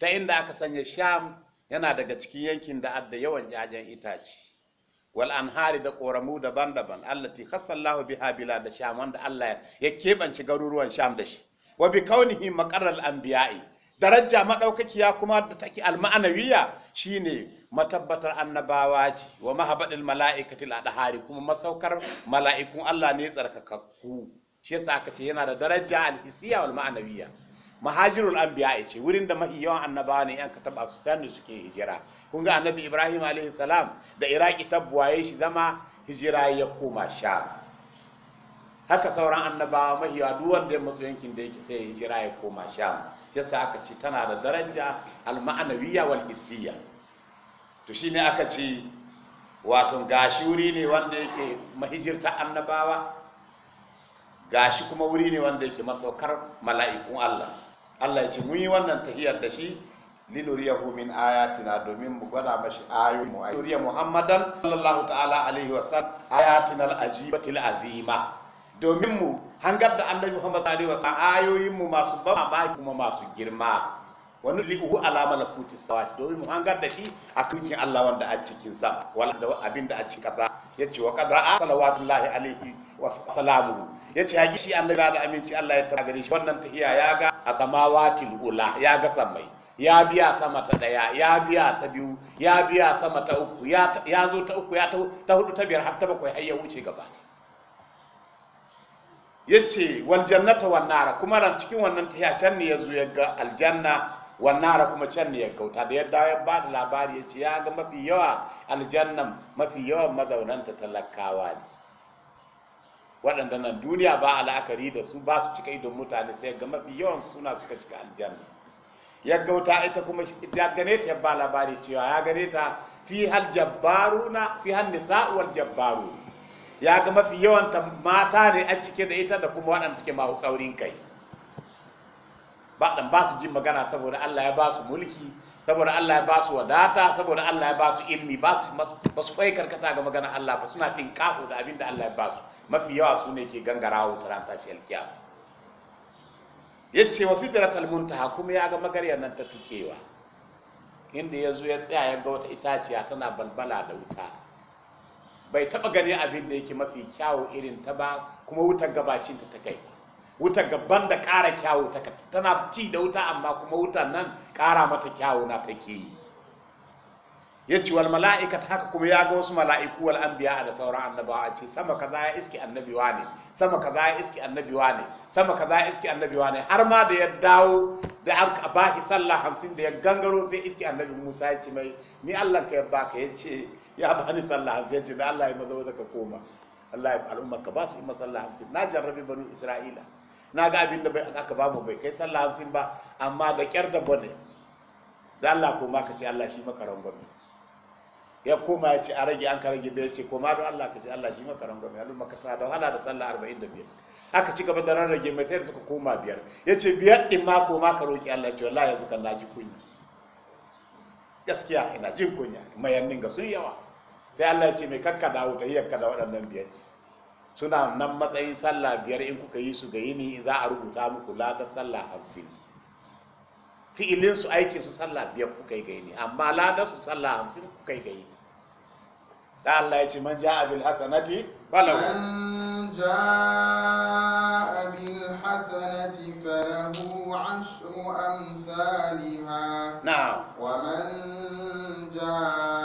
ta inda aka sanya sham yana daga cikin yankin da adda yawan yayan itace wal anhari da koramu daban-daban allati lahu biha bila da sham wanda Allah ya keɓance garuruwan sham da shi wa bi kaunihi maqarral anbiya'i daraja madaukakiya kuma da take alma'anawiya shine matabbatar annabawa ce wa mahabadil mala'ikatil adhari kuma masaukar mala'ikun Allah ne tsarkakakku shi yasa aka ce yana da daraja alhisiya wal ma'anawiya mahajirul anbiya ce wurin da mahi yawan annabawa ne yan taba su tani suke hijira kun ga annabi ibrahim alaihi salam da iraki tabbuwaye shi zama hijira ya koma sha haka sauran annabawa mahi yawa duk wanda ya matsu yankin da yake sai hijira ya koma sha yasa aka ce tana da daraja al ma'anawiya wal hisiya to shine aka ce wato gashi wuri ne wanda yake mahijirta annabawa gashi kuma wuri ne wanda yake masaukar mala'ikun Allah Allah ya ce mun yi wannan tahiyar da shi linuriyahu min ayatina domin mu gwada mashi ayoyin mu ayyuriya muhammadan sallallahu ta'ala alaihi wa sallam ayatina al-ajibatil azima domin mu hangar da annabi muhammad sallallahu alaihi wa sallam ayoyin mu masu ban mamaki kuma masu girma wani li'uhu ala malakuti samawati domin mu hangar da shi a kirkin Allah wanda a cikin sa wala abin da a cikin kasa yace wa qad ra'a salawatullahi alaihi wa salamuhu yace ya shi annabi da aminci Allah ya tabbata gare shi wannan tahiya ya ga a samawati ula ya ga samai ya biya sama ta daya ya biya ta biyu ya biya sama ta uku ya zo ta uku ya ta hudu ta biyar har ta bakwai har ya wuce gaba yace wal jannata wan nara kuma ran cikin wannan tahiya can ne yazo ya ga aljanna wannan kuma can ne ya gauta da yadda ya ba da labari ya ce ya ga mafi yawa aljannan mafi yawan mazaunanta talakawa ne waɗanda nan duniya ba la'akari da su ba su cika idon mutane sai ga mafi yawan suna suka cika aljanna ya gauta ita kuma ya gane ta ba labari cewa ya gane ta fi hal na, fi hal nisa'u wal jabbaru ya ga mafi yawan mata ne a cike da ita da kuma waɗanda suke ma'u saurin kai ba dan ba su jin magana saboda Allah ya ba su mulki saboda Allah ya ba su wadata saboda Allah ya ba su ilmi ba su ba su karkata ga magana Allah ba suna tin tinkaho da abin da Allah ya ba su mafi yawa su ne ke gangarawa taran tashi alkiyama yace wasidratul muntaha kuma ya ga magaryar nan ta tukewa inda ya zo ya tsaya ya ga wata itaciya tana balbala da wuta bai taba gani abin da yake mafi kyawo irin ta ba kuma wutar gabacinta ta kai ba wuta gaban da ƙara kyawu ta tana ci da wuta amma kuma wutan nan ƙara mata kyawu na take yi ya ce wal mala'ika haka kuma ya ga wasu mala'iku wal anbiya da sauran annabawa a ce sama kaza ya iski annabi ne sama kaza ya iski annabi ne sama kaza ya iski annabi ne har ma da ya dawo da an baki sallah hamsin da ya gangaro sai iski annabi Musa ya ce mai ni Allah ka ya baka ya ce ya bani sallah hamsin ya ce da Allah ya maza ka koma Allah ya al'umma ka ba su imma sallah hamsin na jarrabe banu isra'ila na ga abin da aka ba mu bai kai sallah hamsin ba amma da kyar da bane da Allah ko ma ka ce Allah shi maka rangwame ya koma ya ce a rage an ka rage bai ce koma don Allah ka ce Allah shi maka rangwame al'umma ka ta da wahala da sallah arba'in da biyar aka ci gaba da ran rage mai sai da suka koma biyar ya ce biyar din ma koma ka roƙi Allah ya ce wallahi yanzu kan na ji kunya gaskiya ina jin kunya mayannin ga sun yawa sai Allah ya ce mai kakka da wuta yakka da waɗannan biyar suna nan matsayin sallah biyar in kuka yi su ga yini za a rubuta muku lada sallah hamsin fi'ilin su aikin su sallah biyar kuka yi ga yini amma lada su sallah hamsin kuka yi ga yini da Allah ya ce man ja'a bil hasanati falahu man ja'a bil hasanati falahu ashru amsalha na'am wa man ja'a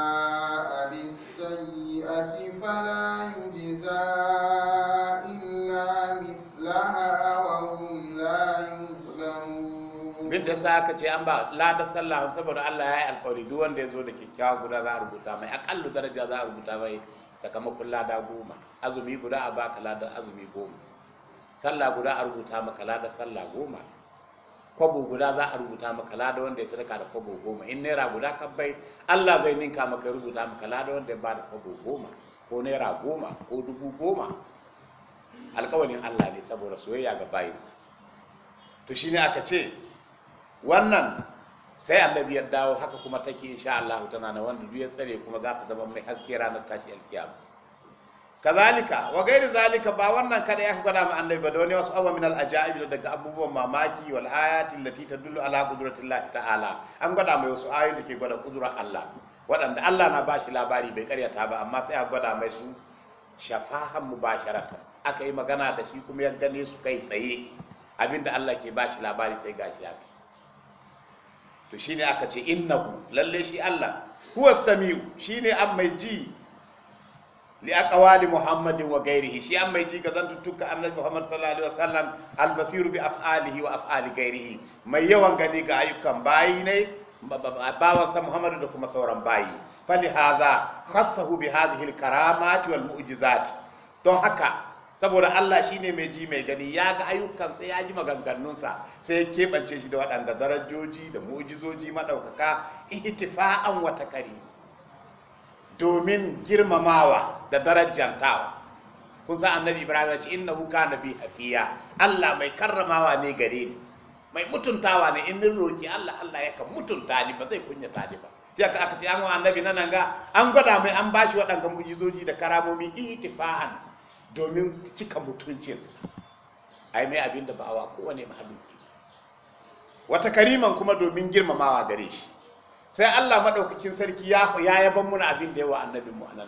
da sa aka ce an ba da sallah saboda Allah ya yi alkawari duk wanda ya zo da kyakkyawa guda za a rubuta mai akallu daraja za a rubuta mai sakamakon lada goma azumi guda a baka lada azumi goma sallah guda a rubuta maka lada sallah goma kwabo guda za a rubuta maka lada wanda ya sadaka da kwabo goma in naira guda ka bai Allah zai ninka maka rubuta maka lada wanda ya ba da kwabo goma ko naira goma ko dubu goma alkawarin Allah ne saboda soyayya ga bayinsa to shine aka ce wannan sai annabi ya dawo haka kuma take insha Allah tana na wanda duk ya tsare kuma za ta zama mai haske ranar tashi alkiyama kazalika wa gairi zalika ba wannan kada ya gwada ma annabi ba da wani wasu abubuwa min al-ajaib daga abubuwan mamaki wal ayati lati tadullu ala qudratillahi ta'ala an gwada mai wasu ayoyi da ke gwada kudura Allah waɗanda Allah na bashi labari bai karyata ba amma sai a gwada mai su shafahan mubasharata aka yi magana da shi kuma ya gane su kai tsaye abinda Allah ke bashi labari sai gashi ya to shine aka ce ku lalle shi Allah huwa shi shine an mai ji li aqwali muhammadin wa ghairihi shi an mai ji ga zantuttuka annabi muhammad sallallahu alaihi wasallam al basiru bi af'alihi wa af'ali ghairihi mai yawan gani ga ayyukan bayi ne bawansa muhammadu da kuma sauran bayi fali haza khassahu bi hadhihi al karamati wal mu'jizat don haka saboda Allah shine mai ji mai gani ya ga ayyukan sai ya ji maganganunsa sai ya keɓance shi da waɗanda darajoji da mujizoji maɗaukaka ihtifa'an wata ƙari, domin girmamawa da darajantawa kun san annabi ibrahim ce innahu kana bi hafiya Allah mai karramawa ne gare ni mai mutuntawa ne in min roki Allah Allah ya ka mutunta ni ba zai kunya ni ba shi aka ce an wa annabi nan ga an gwada mai an bashi waɗanda mujizoji da karamomi ihtifa'an domin cika mutuncinsa a yi mai abin da bawa kowane mahaluki wata kariman kuma domin girmamawa gare shi sai allah maɗaukakin sarki ya yaban muna abin da yawa annabin mu anan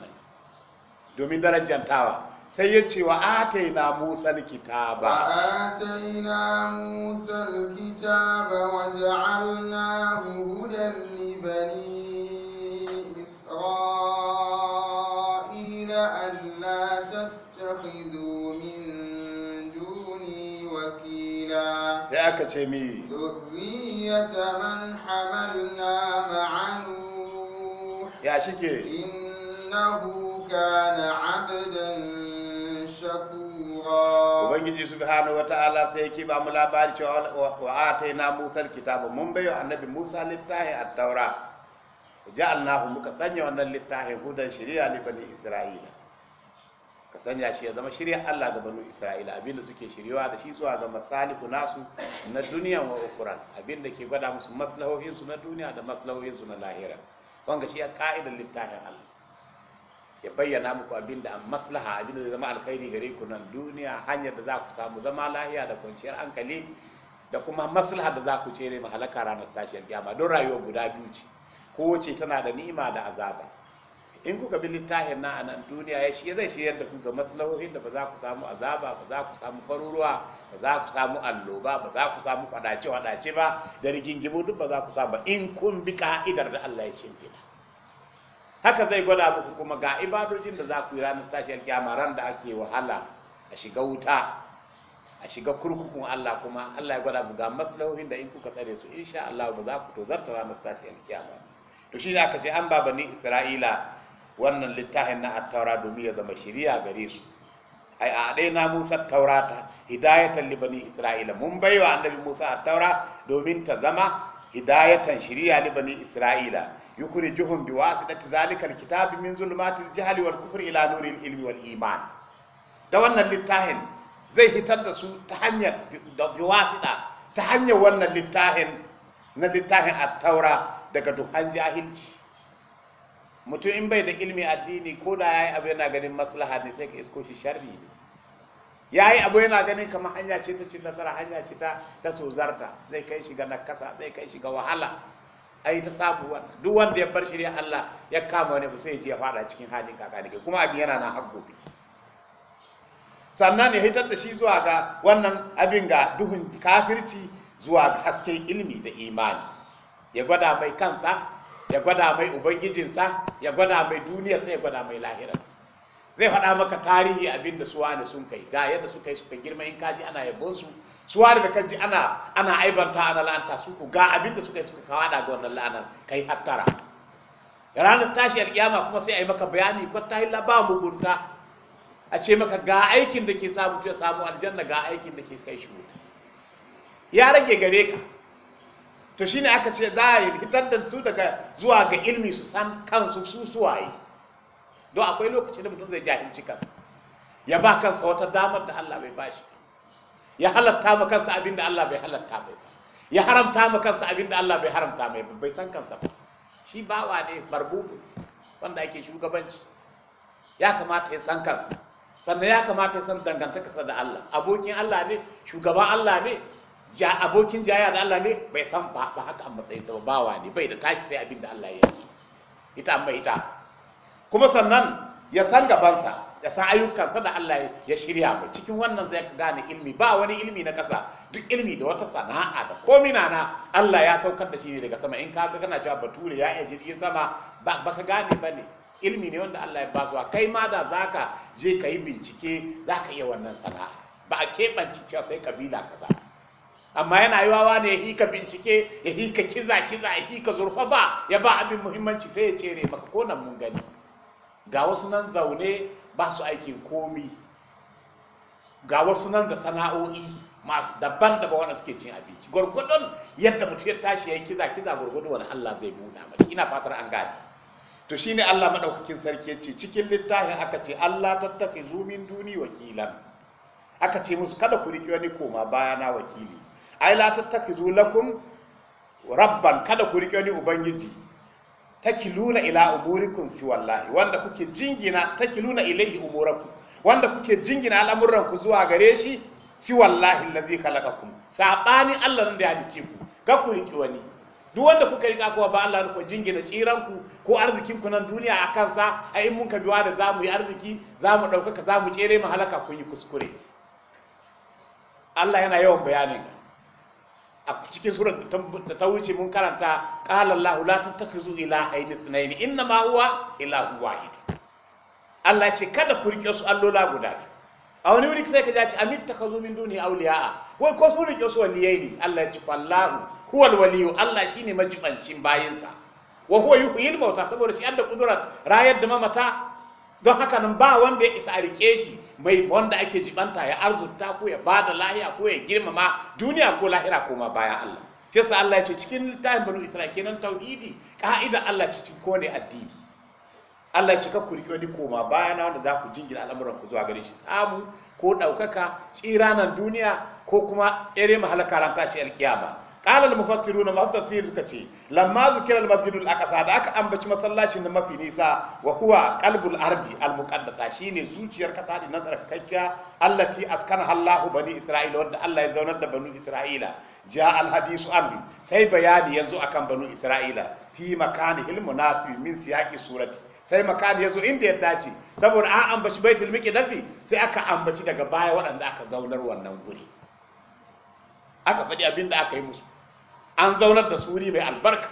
domin darajantawa sai ya ce wa ataina musa kitaba ba ataina musa ba wa ja'alnahu hudan li isra'ila allah ta. تتخذوا من دوني وكيلا ذرية من حملنا مع نوح يا شكي إنه كان عبدا ubangiji subhanahu wataala sai yake ba mu labari cewa wa ataina musa alkitaba mun bayo annabi musa littahi at-taura ja'alnahu muka sanya wannan littahi hudan shari'a li bani isra'ila ka sanya shi ya zama shirya Allah ga banu Isra'ila abinda suke shiryawa da shi zuwa ga masaliku nasu na duniya wa ukuran abinda ke gwada musu maslahohin su na duniya da maslahohin na lahira wanga shi ya ka'idar littafin Allah ya bayyana muku abinda a maslaha abinda zai zama alkhairi gare ku nan duniya hanyar da za ku samu zama lahiya da kwanciyar hankali da kuma maslaha da za ku cere mahalaka ranar tashiyar kiyama don rayuwa guda biyu ce kowace tana da ni'ima da azaba in kuka bi littafin na a nan duniya ya shi zai shirya da ku ga maslahohin da ba za ku samu azaba ba za ku samu faruruwa ba za ku samu alloba ba za ku samu fadace fadace ba da rigingimu duk ba za ku samu in kun bi ka'idar da Allah ya shimfida. haka zai gwada muku kuma ga ibadojin da za ku yi ranar tashiyar kyama ran da ake wahala a shiga wuta a shiga kurkukun Allah kuma Allah ya gwada mu ga maslahohin da in kuka tsare su insha Allah ba za ku tozarta ranar tashiyar kyama to shi ne aka ce an baba ni Isra'ila wannan littafin na attaura domin ya zama shiriya gare su ai a dai na Musa taurata hidayatan li bani Isra'ila mun baiwa annabi Musa attaura domin ta zama hidayatan shiriya li bani Isra'ila Yukuri juhun zalika alkitabi min zulumatil jahli wal kufri ila nuril ilmi wal iman da wannan littafin zai hitar da su ta hanyar biwasita ta hanyar wannan littafin na littafin attaura daga duhan jahilci mutum in bai da ilmi addini ko da ya yi abu yana ganin maslaha ne sai ka isko shi sharri ne Ya yi abu yana ganin kamar hanya ce ta cin nasara hanya ce ta ta tozarta zai kai shi ga nakasa zai kai shi ga wahala ai ta sabu wannan duk wanda ya bar shirya Allah ya kama wani sai ya je ya fada cikin halin kakanike kuma abin yana na hakkobi sannan ya hitar da shi zuwa ga wannan abin ga duhun kafirci zuwa ga hasken ilmi da imani ya gwada mai kansa ya gwada mai ubangijinsa ya gwada mai duniyarsa ya gwada mai lahirarsa zai faɗa maka tarihi abin da suwa ne sun kai ga yadda suka yi suka girma in kaji ana yabon su suwa da kaji ana ana aibanta ana la'anta su ku ga abin da suka yi suka kawo da wannan la'anar kai hattara ranar tashi alƙiyama kuma sai a yi maka bayani ko ta hilla ba mugunta a ce maka ga aikin da ke samu ya samu aljanna ga aikin da ke kai shi ya rage gare ka to shine aka ce za a hitar da su daga zuwa ga ilmi su san kansu su suwaye don akwai lokaci da mutum zai jahilci kansa ya ba kansa wata damar da Allah bai bashi ya halatta ma kansa abin da Allah bai halatta mai ba ya haramta ma kansa abin da Allah bai haramta mai ba bai san kansa ba shi bawa ne barbubu wanda ake shugabanci ya kamata ya san kansa sannan ya kamata ya san dangantakarsa da Allah abokin Allah ne shugaban Allah ne ja abokin jaya da Allah ne bai san ba ba haka a matsayin sa ba ne bai da tashi sai abin da Allah ya yanke ita amma ita kuma sannan ya san gabansa ya san ayyukansa da Allah ya shirya mai cikin wannan zai ka gane ilmi ba wani ilmi na kasa duk ilmi da wata sana'a da komina na Allah ya saukar da shi ne daga sama in ka ga kana cewa bature ya iya jirgin sama ba ka gane ba ne ilmi ne wanda Allah ya basuwa kai ma da zaka je ka yi bincike zaka iya wannan sana'a ba a keɓance cewa sai kabila kaza amma yana yi wawa ne ya hika bincike ya hika kiza kiza ya hika zurfafa ya ba abin muhimmanci sai ya ce ne baka konan mun gani ga wasu nan zaune ba su aikin komi ga wasu nan da sana'o'i masu daban daban wanda suke cin abinci gwargwadon yadda mutum ya tashi ya yi kiza kiza gwargwadon wani Allah zai buɗa maki ina fatar an gane to shine Allah maɗaukakin sarki ya ce cikin littafin aka ce Allah tattafi zumin duni wakilan aka ce musu kada ku riki wani koma baya na wakili ai la tattakizu lakum rabban kada ku riƙe wani ubangiji takiluna ila umurikum si wallahi wanda kuke jingina takiluna ilaihi umurakum wanda kuke jingina al'amuran ku zuwa gare shi si wallahi allazi khalaqakum sabani Allah da ya dace ku ga ku riƙe wani duk wanda kuka riƙa kuwa ba Allah ku jingina tsiran ku ko arzikin ku nan duniya a kansa a in mun ka biwa da zamu yi arziki zamu ɗaukaka zamu tsere mu halaka kun yi kuskure Allah yana yawan bayanin a cikin surar da ta wuce mun karanta qala allah la tattakhizu ilahayn ithnayn inna ma huwa ilahu wahidu allah ce kada ku rike su allola guda biyu a wani wuri sai ka ja ci amit takhazu min duniya awliya'a wai ko su rike su waliyai ne allah ya ci fallahu huwal waliyu allah shine majibancin bayinsa wa huwa yuhyil mauta saboda shi yadda kudurar rayar da mamata don haka nan ba wanda ya isa a rike shi mai wanda ake jibanta ya arzuta ko ya ba da lahiya ko ya girmama duniya ko lahira ko ma bayan Allah yasa Allah ya ce cikin littafin banu Isra'ila kenan tauhidi ka'ida Allah ce cikin kone addini Allah ya ce ku riƙe wani koma baya na wanda za ku jingina al'amuran ku zuwa gare shi samu ko ɗaukaka tsira nan duniya ko kuma tsere mahalaka ran tashi alkiyama qala al mufassiruna masu tafsir suka ce lamma zukira al a ƙasa, da aka ambaci masallacin da mafi nisa wa huwa ƙalbul ardi al shi ne zuciyar kasa din nan tsarkakakkiya allati askan hallahu bani isra'ila wadda Allah ya zaunar da banu isra'ila ja alhadisu hadisu an sai bayani yanzu akan banu isra'ila fi hilmu munasibi min siyaqi surati sai makani in inda ya dace saboda an ambaci baitul dafi, sai aka ambaci daga baya waɗanda aka zaunar wannan guri aka faɗi abin da aka yi musu an zaunar da suri mai albarka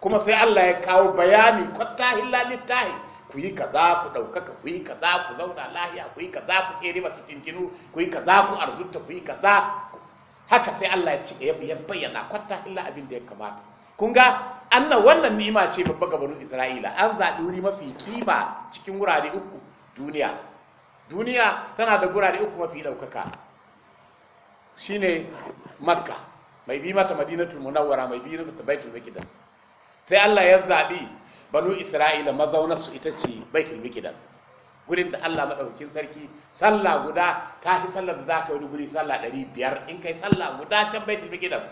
kuma sai Allah ya kawo bayani kwattahi lalittahi ku yi kaza ku ɗaukaka ku yi kaza ku zauna lahiya ku yi kaza ku tsere masu tintinu ku yi kaza ku arzuta ku yi kaza haka sai Allah ya ci ya bayyana kwatta illa abin da ya kamata Kunga ga annan wannan nima ce babba ga banu Isra'ila an zaɓi wuri mafi kima cikin wurare uku duniya duniya tana da wurare uku mafi ɗaukaka shine makka mai bi mata madinatul munawwara mai bi mata baitul mikdas sai Allah ya zabi banu isra'ila mazaunar su ita ce baitul mikdas gurin da Allah madaukakin sarki sallah guda ta fi sallar da zaka wani guri sallah 500 in kai sallah guda can baitul miqdas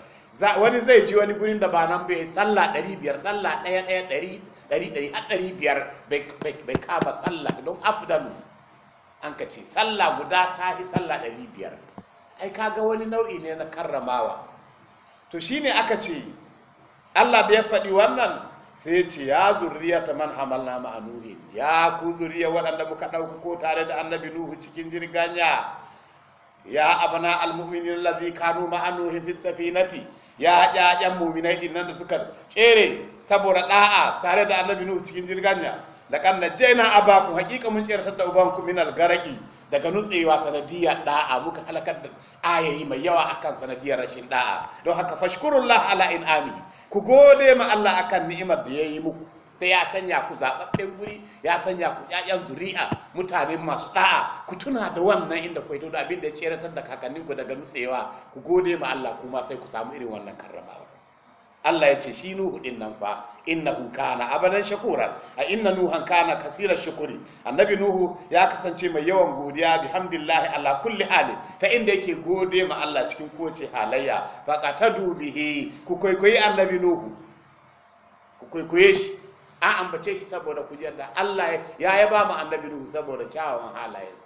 wani zai ji wani gurin da ba nan bai sallah 500 sallah 1 1 100 har 500 bai kama sallah don afdalu an ka ce sallah guda ta fi sallah 500 ai kaga wani nau'i ne na karramawa to shi ne aka ce Allah da ya faɗi wannan sai ya ce ya zurriya ta man hamalna ma'a nuhin ya ku zurriya waɗanda muka ɗauko tare da annabi nuhu cikin jirganya ya abana almu'minin allazi kanu ma'a nuhin fi safinati ya ƴaƴan mu'minai din nan da suka tsere saboda ɗa'a tare da annabi nuhu cikin jirganya laqad najayna abakum haqiqa mun tsere da ubanku min al-garaqi daga nutsewa sanadiyar da'a muka halakar da ayayi mai yawa akan sanadiyar rashin da'a don haka fashkurullah ala in'ami ku gode ma Allah akan ni'imar da yayi muku ta ya sanya ku zaɓaɓɓen wuri ya sanya ku ƴaƴan zuri'a mutane masu da'a ku tuna da wannan inda kwaito da abin da ya ceratar da kakanninku daga nutsewa ku gode ma Allah kuma sai ku samu irin wannan karrama Allah ya ce shi Nuhu din nan fa hu kana abadan shakuran a inna nuhan kana kasira shukuri annabi Nuhu ya kasance mai yawan godiya bihamdillahi ala kulli hali ta inda yake gode ma Allah cikin kowace halayya fa qatadu bihi ku kwaikwayi annabi Nuhu ku kwaikwaye shi an ambace shi saboda da Allah ya yaba ma annabi Nuhu saboda kyawawan halayensa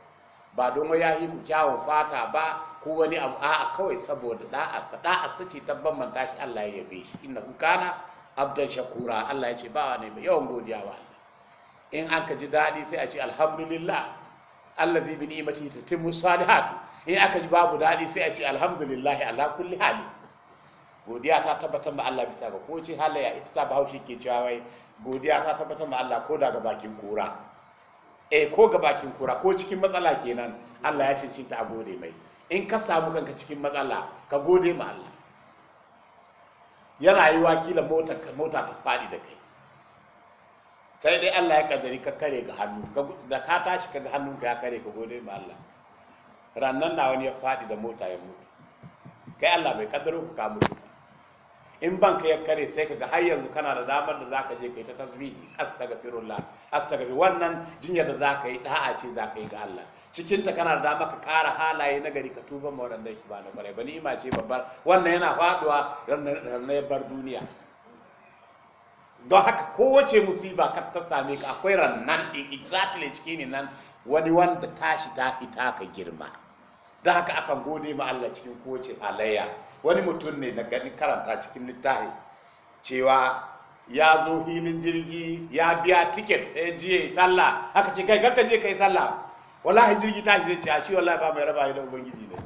ba don ya yi kyawun fata ba ko wani abu a'a kawai saboda da'asa da'asa ce ta bambanta shi Allah ya yabe shi inna kana abdan shakura Allah ya ce ba ne mai yawan godiya wa Allah in an ka ji daɗi sai a ce alhamdulillah zai bi ni'mati tatimmu salihatu in aka ji babu daɗi sai a ce alhamdulillah ala kulli hali godiya ta tabbatar ma Allah bisa ga ko ce halaya ita ta bahaushe ke cewa wai godiya ta tabbatar ma Allah ko daga bakin kura E ko ga bakin kura ko cikin matsala kenan Allah ya cancanta a gode mai in ka samu kanka cikin matsala ka gode ma Allah yana yi wakila mota mota ta fadi da kai sai dai Allah ya kaddari ka kare ga hannu da ka tashi ka ga hannun ka ya kare ka gode ma Allah rannan na wani ya fadi da mota ya mutu kai Allah bai kaddaro ka mutu in banka ya kare sai ka ga har yanzu kana da damar da ka je kai ta tasbihi astaghfirullah astaghfir wannan jinya da zaka yi da'a ce zaka yi ga Allah cikin ta kana da damar ka kara halaye na gari ka tuba ma wannan yake ba na kware ba ni'ima ce babbar wannan yana faduwa ranar bar duniya don haka kowace musiba ka ta same ka akwai rannan exactly cikin nan wani wanda tashi ta ita ka girma da haka akan gode ma Allah cikin kowace halayya wani mutum ne na gani karanta cikin littafi cewa ya zo hilin jirgi ya biya tiket eh, ya jiya sallah aka ce kai kakka je kai sallah wallahi jirgi ta shi zai a shi wallahi ba mai raba shi da ubangiji ne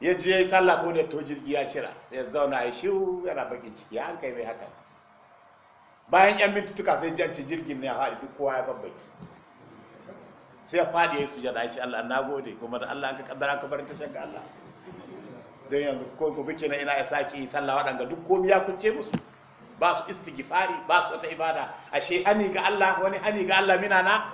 ya je yi sallah ko da to jirgi ya cira ya zauna ya shiru yana bakin ciki an kai mai haka bayan yan mintuka sai jan ci jirgin ne ya haɗu duk kowa ya babbaki sai ya faɗi ya yi sujada ya ce Allah na gode kuma da Allah ka kaddara ka barin tashar ga Allah don yanzu ko gobe kenan ina ya saki sallah waɗanda duk komi ya kuce musu ba su istigifari ba su wata ibada ashe hani ga Allah wani hani ga Allah mina na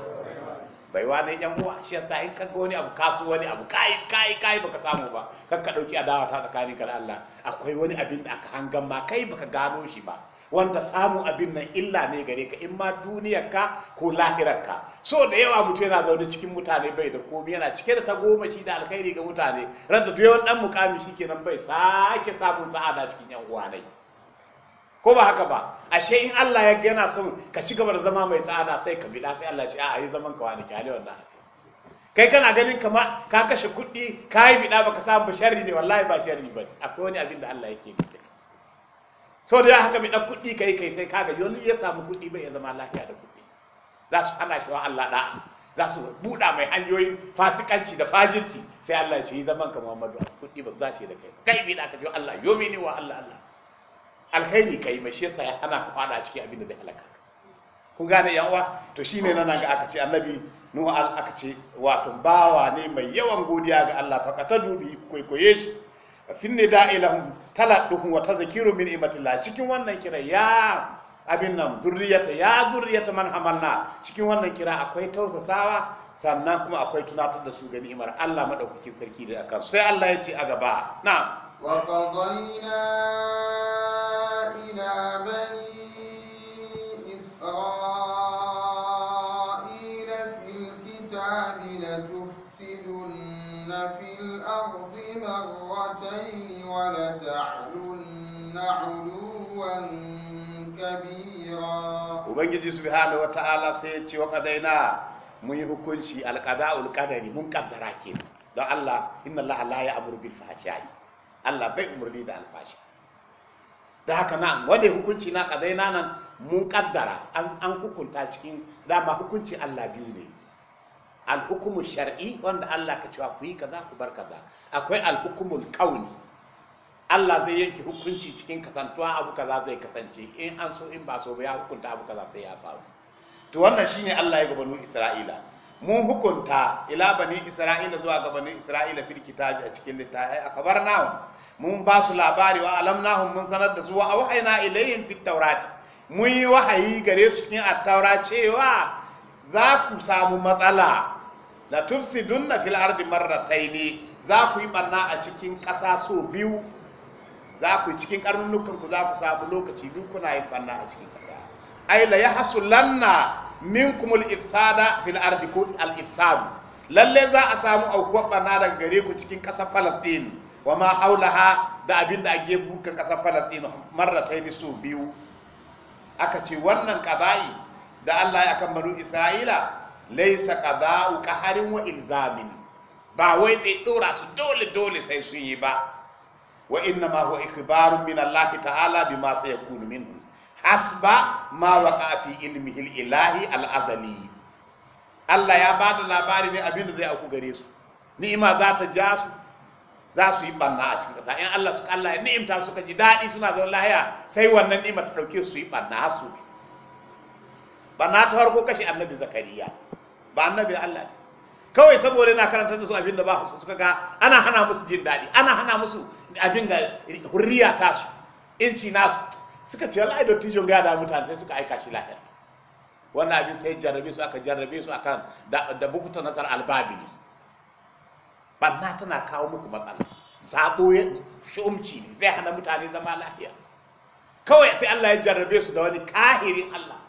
bai ne yan uwa shi yasa in ka ga wani abu kasu wani abu kai kai kai baka samu ba kar ka dauki adawa ta tsakaninka da Allah akwai wani abin da aka hangan ma kai baka gano shi ba wanda samu abin nan illa ne gare ka in ma duniyar ka ko lahirar ka so da yawa mutum yana zaune cikin mutane bai da komai yana cike da shi da alkhairi ga mutane ran da duk yawan dan mukami shikenan bai sake samun sa'ada cikin yan uwa nai. ko ba haka ba ashe in Allah ya yana son ka ci gaba da zama mai tsada sai ka bida sai Allah shi a yi zaman ka wani kyale wannan kai kana ganin kama ka kashe kuɗi ka yi bida ka samu ba ne wallahi ba sharri ba akwai wani abin da Allah yake nufi so da haka bida kuɗi kai kai sai kaga wani ya samu kuɗi bai ya zama lafiya da kuɗi za su hana shi wa Allah da za su buɗa mai hanyoyin fasikanci da fajirci sai Allah shi yi zaman ka Muhammadu kuɗi ba su dace da kai kai bida ka ji Allah yomi ne wa Allah Allah alkhairi kai mai shi yasa ya hana cikin abin da zai halaka ku gane yan uwa? to shine nan ga aka ce annabi nuhu al aka ce wato bawa ne mai yawan godiya ga Allah fa kata dubi kwaikwaye shi finne da'ilahum taladduhum wa tazkiru min imatillah cikin wannan kira ya abin nan zurriyata ya zurriyata man hamalna cikin wannan kira akwai tausasawa sannan kuma akwai tunatar da su ga ni'imar Allah madaukakin sarki da akan sai Allah ya ce a gaba na wa إلى بني إسرائيل في الكتاب لتفسدن في الأرض مرتين ولتعلن علوا كبيرا وبنجي سبحانه وتعالى سيتي وقدينا mun yi hukunci alƙada'ul ƙadari mun ƙaddara ke don Allah inna Allah la ya amuru bil Allah bai umurni da alfasha da haka nan wanda hukunci na kadai na nan mun kaddara an hukunta cikin dama hukunci Allah biyu ne alhukumu shar'i wanda Allah ka cewa ku yi kaza ku bar kaza akwai alhukumul kauni Allah zai yanke hukunci cikin kasantuwa abu kaza zai kasance in an so in ba so ba ya hukunta abu kaza sai ya faru to wannan shine Allah ya ga Isra'ila mun hukunta ila bani isra'ila zuwa ga bani isra'ila fil kitabi a cikin littafi a kabar nawa mun ba su labari wa alamnahum mun sanar da su wa awhayna ilayhim fit tawrat mun yi wahayi gare su cikin attaura cewa za ku samu matsala la tufsidunna fil ardi marrataini za ku yi banna a cikin ƙasa so biyu za ku cikin karnunukan ku za ku samu lokaci duk kuna yin banna a cikin ƙasa ay la yahsulanna minkum al ifsada fil ardi ko al ifsad lalle za a samu aukuwa barna daga gare ku cikin ƙasar falastin wa ma haulaha da abin da a bukan kasar falastin marrataini su biyu aka ce wannan kaza'i da allah ya kan banu isra'ila laisa ka harin wa ilzamin ba wai zai dora su dole dole sai sun yi ba wa inna ma huwa ikhbarun min allah ta'ala bima sayakunu minhu Asba ma waqa fi ilmihi ilahi al-azali Allah ya bada labari ne abinda zai auku gare su ni'ima za ta ja su za su yi banna a cikin ƙasa in Allah suka Allah ya ni'imta suka ji daɗi suna zaune lahiya sai wannan ni'ima ta ɗauke su yi banna su banna ta farko kashe annabi zakariya ba annabi Allah ne kawai saboda yana karanta da su abin da ba su suka ga ana hana musu jin daɗi ana hana musu abin da hurriya ta su inci nasu suka ce wallahi dattijon ga da mutane sai suka aika shi lahira wannan abin sai jarrabe su aka jarrabe su akan da bukuta nasar albabili banna tana kawo muku matsala sabo ya shumci ne zai hana mutane zama lahiya kawai sai Allah ya jarrabe su da wani kahiri Allah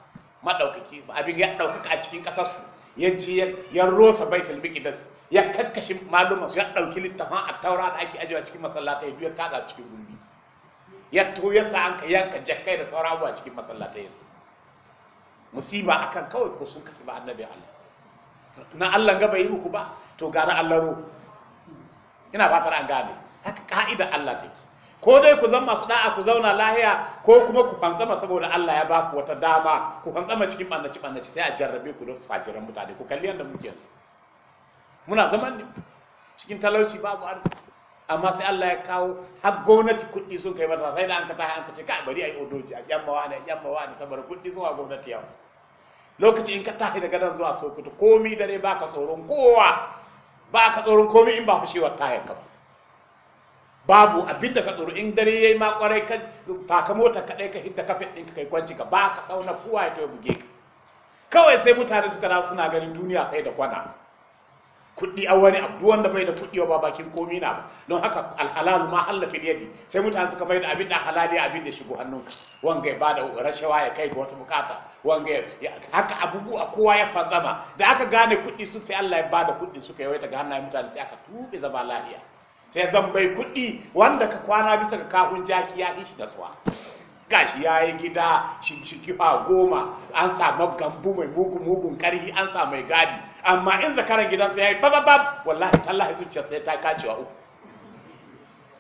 madaukaki abin ya ɗaukaka a cikin kasar su ya ji ya rosa baitul miqdas ya kakkashi malumansu ya ɗauki littafin a taura da ake ajiye cikin masallatai biyar kada su cikin gulbi ya to ya sa an ka yanka jakkai da sauran abuwa cikin masallatai yanzu musiba akan kawai ko sun kafi ba annabi Allah na Allah ga bai yi muku ba to gara Allah ro ina fatar an gane haka ka'ida Allah take ko dai ku zama masu da'a ku zauna lahiya ko kuma ku fantsama saboda Allah ya ba ku wata dama ku fantsama cikin bannaci bannaci sai a jarrabe ku da fajiran mutane ku kalli yadda muke muna zaman ne cikin talauci babu arziki amma sai Allah ya kawo har gwamnati kuɗi sun kai mata sai da an ka tashi an ka ce kai bari ai odoji a yamma wa ne yamma wa ne saboda kuɗi sun wa gwamnati yamma lokaci in ka tashi daga nan zuwa Sokoto komi dare baka tsoron kowa baka tsoron komi in ba fushewar tayan ka babu abin da ka tsoro in dare yayi ma kwarai ka faka mota ka dai ka hidda ka fit ka kai kwanci ka baka sauna kowa ya to buge ka kawai sai mutane suka da suna ganin duniya sai da kwana kuɗi a wani abu wanda bai da kuɗi ba bakin komi na ba don haka alhalalu ma halla fil yadi sai mutane suka bai da abin da halali abin da shigo hannunka wanga ya bada rashawa ya kai ga wata bukata wanga haka abubuwa kowa ya fatsama da aka gane kuɗi su sai Allah ya bada kuɗi suka yawaita ga hannayen mutane sai aka tube zama lafiya sai zan bai kuɗi wanda ka kwana bisa ka kahun jaki ya ishi da suwa gashi ya yi gida shimshikiwa goma an samu gambu mai mugun mugun karhi an samu mai gadi amma in zakaran gidansa ya yi bababab wallahi tallahi zuciya sai ta kacewa uku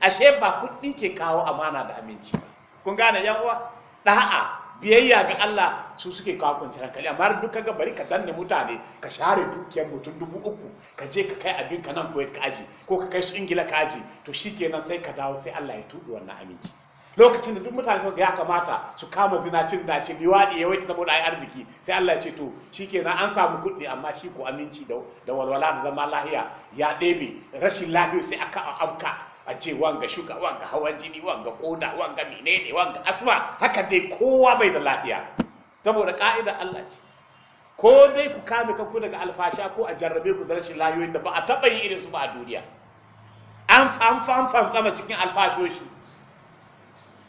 ashe ba kuɗi ke kawo amana da aminci ba kun gane yan uwa da'a biyayya ga Allah su suke kawo kwanciyar hankali amma duk kaga bari ka danne mutane ka share dukiyar mutum dubu uku ka je ka kai abin ka nan Kuwait ka aji ko ka kai su Ingila ka aji to shi shikenan sai ka dawo sai Allah ya tudu wannan aminci lokacin da duk mutane suka ya kamata su kama zinace zinace liwaɗi ya waita saboda ayi arziki sai Allah ya ce to shi shikenan an samu kuɗi amma shi ko aminci da walwala da zama lahiya ya ɗebe rashin lahiyo sai aka auka a ce wanga shuka wanga hawan jini wanga koda wanga menene wanga asma haka dai kowa bai da lahiya saboda ka'idar Allah ce ko dai ku kame kanku daga alfasha ko a jarrabe ku da rashin lahiyoyin da ba a taɓa yi irin su ba a duniya an famfan sama cikin alfashoshi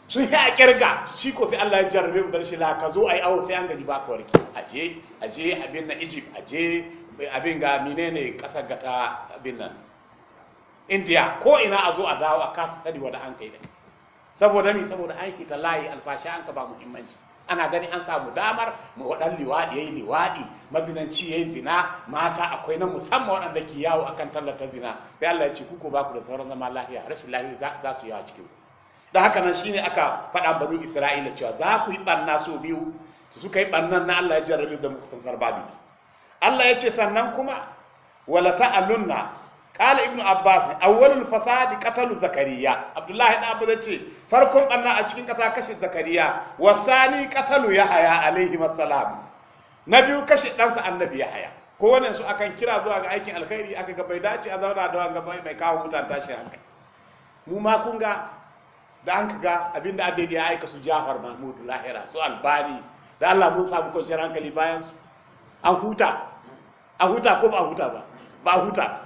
sun yi a kirga shi ko sai Allah ya jarrabe mu darshe la ka zo ai awo sai an gani ba ka warke aje aje abin na Egypt aje abin ga menene kasar ga ta abin nan India ko ina a zo a dawo a kasa sani wanda an kai da saboda mi saboda an hita layi alfashi an ka ba muhimmanci ana gani an samu damar mu liwaɗi ya yi liwaɗi, mazinanci yi zina mata akwai na musamman waɗanda ke yawo akan tallata zina sai Allah ya ce kuku ba ku da sauran zama lafiya rashin lafiya za su yawa cikin ku da haka nan shine aka faɗa banu isra'ila cewa za ku yi ɓanna so biyu su suka yi ɓannan na allah ya rabi da mukutan zarbabi allah ya ce sannan kuma wala ta'alunna qala ibnu abbas awwalul fasadi qatalu zakariya abdullahi ibn abbas yace farkon ɓanna a cikin kasa kashe zakariya wasani qatalu yahaya alaihi wassalam na biyu kashe ɗansa annabi yahaya kowane su akan kira zuwa ga aikin alkhairi aka ga bai dace a zauna da wanga mai kawo mutan tashi hankali mu ma kun ga da an kaga abin da daidai ya aika su jafar mahmud lahira su albani da allah mun samu kwanciyar hankali bayan su an huta a huta ko ba a huta ba ba a huta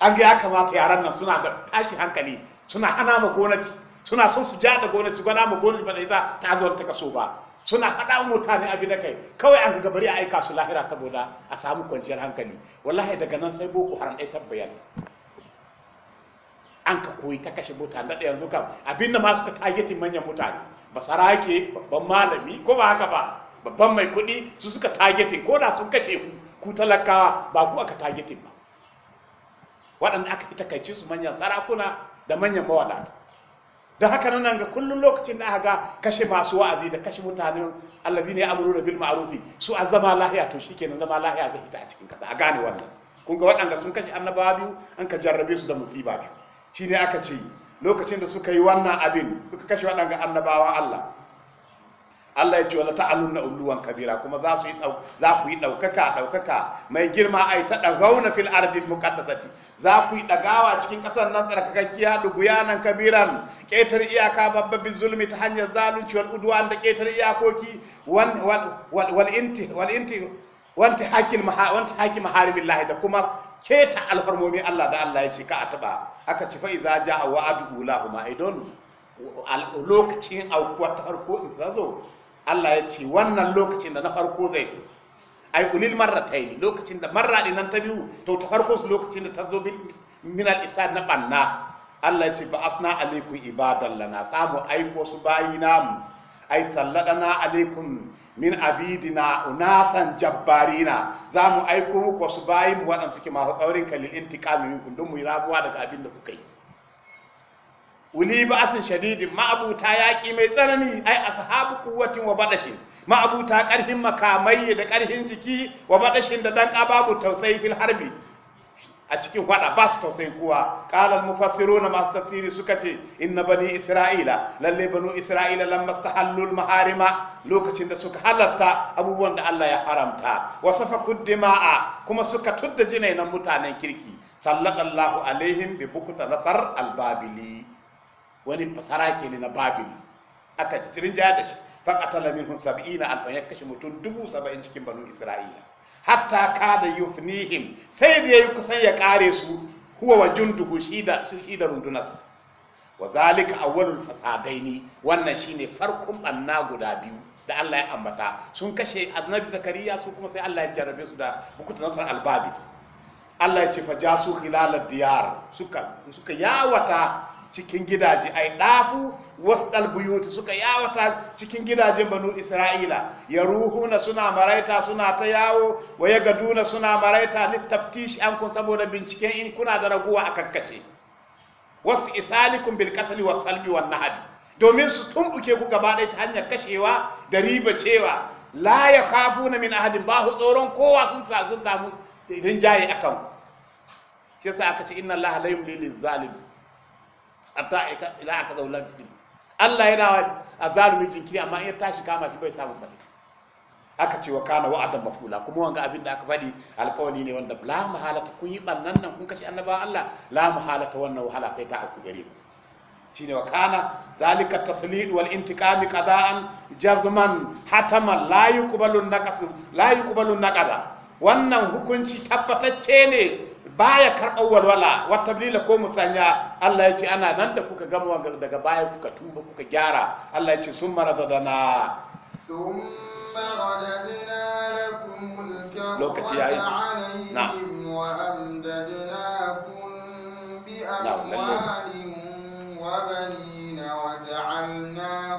an ga ya kamata yaran nan suna da tashi hankali suna hana ma gonaki suna son su ja da gonaki gwana ma gonaki ba da ita ta zo ta kaso ba suna hada ne abin da kai kawai an ga bari a aika su lahira saboda a samu kwanciyar hankali wallahi daga nan sai boko haram ɗaya tabbayar an ka koyi ta kashe mutane da yanzu kam abin da ma suka targetin manyan mutane ba sarake babban malami ko ba haka ba babban mai kuɗi su suka targetin ko da sun kashe ku ku talakawa ba ku aka targetin ba waɗanda aka takaice su manyan sarakuna da manyan mawadata da haka nan ga kullun lokacin da aka ga kashe masu wa'azi da kashe mutane allazi ne amuru da bil ma'rufi su a zama lahiya to shikenan zama lahiya zai fita a cikin kasa a gane wannan kun ga waɗanda sun kashe annabawa biyu an ka jarrabe su da musiba biyu shi ne aka ce lokacin da suka yi wannan abin suka kashe waɗanga annabawa Allah Allah ya ce wata ta'alun na uluwan kabira kuma za su yi za ku yi ɗaukaka ɗaukaka mai girma ai ta na fil ardi muqaddasati za ku yi ɗagawa cikin ƙasar nan tsarkakakkiya yanan kabiran ketar iyaka babba bi zulmi ta hanyar zalunci wal da ƙetar iyakoki wanta hakin wanta hakin maharimin da kuma keta alfarmomi Allah da Allah ya ce ka a taba aka ci fa iza jaa wa'adu lahuma idon lokacin aukuwa ta farko in zo. Allah ya ce wannan lokacin da na farko zai zo ai ulil marrataini lokacin da marra din nan ta biyu to ta farko su lokacin da ta zo min al isad na banna Allah ya ce ba asna alaikum ibadan lana samu aiko su bayi namu ai salladana alaikum min abidina unasan jabbarina za mu aiko muku wasu bayin mu waɗanda suke masu tsaurin kalil intiqami minkum don mu yi rabuwa daga abin da kuka yi uli ba'asin shadidin ma'abuta yaƙi mai tsanani ai ashabu quwwatin wa badashin ma'abuta ƙarhin makamai da ƙarhin jiki wa badashin da dan babu tausayi fil harbi a cikin fada ba su tausayin kowa kalal mufassiru na masu tafsiri suka ce inna bani isra'ila lalle banu isra'ila lamma stahallul maharima lokacin da suka halarta abubuwan da Allah ya haramta wa safaku dima'a kuma suka tudda jina nan mutanen kirki sallallahu alaihim bi bukuta nasar albabili wani fasara ke ne na babili aka rinja da shi faƙatala minhum sab'ina alfa ya kashe mutum dubu saba'in cikin banu isra'ila hatta kada yufnihim sai da yayi kusan ya kare su huwa wa junduhu shida shida rundunas wa zalika awwalul fasadaini wannan shine farkon banna guda biyu da Allah ya ambata sun kashe annabi zakariya su kuma sai Allah ya jarabe su da bukutu nasar albabi Allah ya ce fa jasu khilalad diyar suka suka yawata cikin gidaje ai dafu wasu buyuti suka yawata cikin gidajen banu isra'ila ya ruhuna suna maraita suna ta yawo wa ya gaduna suna maraita littaftish an kun saboda binciken in kuna da raguwa a kakkashe wasu isalikun bilkatali wa salbi wa nahadi domin su tumbuke ku gaba ɗaya ta hanyar kashewa da riba cewa la ya kafu na min ahadin ba su tsoron kowa sun sun samu rinjaye kan shi yasa aka ce inna allaha la yumli hatta ila aka zaular fitil Allah yana a zalumin jinkiri amma ya tashi kama shi bai samu faɗi aka ce wa kana wa'adan mafula kuma wanga abin da aka faɗi alƙawari ne wanda la mahalata kun yi ɓannan nan kun kashe annaba Allah la mahalata wannan wahala sai ta aku gare ku shine wa kana zalika taslid wal intiqam qada'an jazman hataman la yuqbalu naqas la yuqbalu naqada wannan hukunci tabbatacce ne baya karɓar walwala wata bilila ko musanya Allah ya ce ana nan da kuka gama daga baya kuka tuba kuka gyara Allah ya ce sun mara dadana lokaci ya yi na na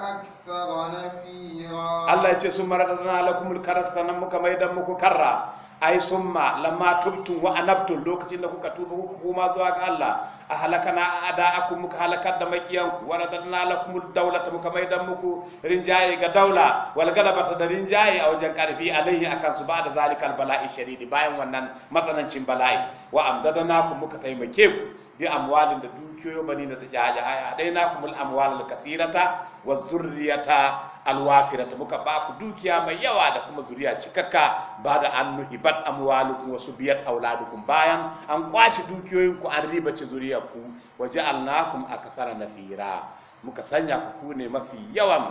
Allah ya ce sun mara zana lakumul karar sannan muka maidan muku karra ai summa lamma tubtum wa anabtum lokacin da kuka tuba kuka zuwa ga Allah a halakana ada'akum muka halakar da makiyanku wa radadna lakumul ta muka maidan muku rinjaye ga daula wal galabata da rinjaye a wajen karfi a alaihi akan su da zalikal bala'i sharidi bayan wannan matsanancin bala'i wa amdadnakum muka taimake ku bi amwalin da dukiyoyo bani na jaja aya dai na kumul amwal al kasirata wa zurriyata al wafirata muka ba ku dukiya mai yawa da kuma zuriya cikakka ba da an nuhibat amwalukum wa subiyat auladukum bayan an kwace dukiyoyin ku an ribace zuriyar ku wa ja'alnakum akasara nafira muka sanya ku ne mafi yawan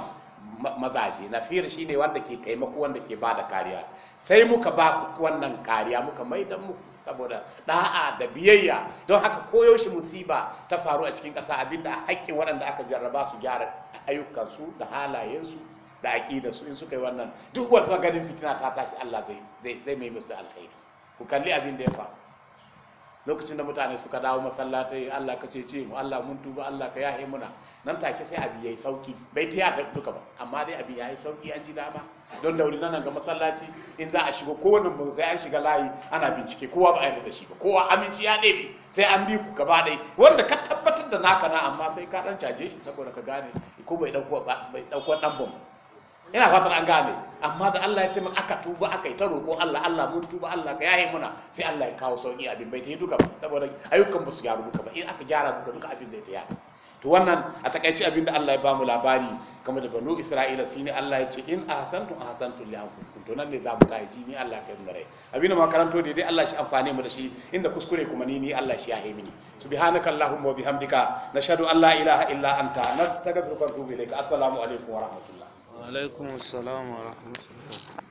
mazaje nafir shine wanda ke taimako wanda ke bada kariya sai muka ba ku wannan kariya muka maidan muku saboda da'a da biyayya don haka koyaushe musiba ta faru a cikin ƙasa abinda haƙƙin waɗanda aka jarraba su gyara ayyukansu da halayensu da su in suka yi wannan duk wasu ganin fitina ta tashi Allah zai zai mai musu da alkhairi ku kalli abin da ya faru lokacin da mutane suka dawo masallatai Allah ka cece mu Allah mun tuba Allah ka yahe muna nan take sai abi yayi sauki bai ta da duka ba amma dai abin yayi sauki an ji dama don dauri nan ga masallaci in za a shiga. kowanne mun sai an shiga layi ana bincike kowa ba a da shi ba kowa aminci ya ɗebe sai an bi ku gaba ɗaya wanda ka tabbatar da naka na amma sai ka dan caje shi saboda ka gane ko bai dauko bai dauko ina fatan an gane amma da Allah ya taimaka aka tuba aka yi ta roƙo Allah Allah mun tuba Allah ga yaye muna sai Allah ya kawo sauki abin bai ta yi duka ba saboda ayyukan ba su gyaru duka ba in aka gyara duka duka abin zai ta yaka to wannan a takaici abin da Allah ya mu labari kamar da banu Isra'ila ne Allah ya ce in ahsantum ahsantum li anfusikum to nan ne za mu kai ji ni Allah kai mu rai abin da ma karanto dai Allah shi amfane mu da shi inda kuskure kuma ni ni Allah shi ya yahe ni subhanaka allahumma wa bihamdika nashhadu an la ilaha illa anta nastaghfiruka wa atubu ilaik assalamu alaikum wa rahmatullahi وعليكم السلام ورحمة الله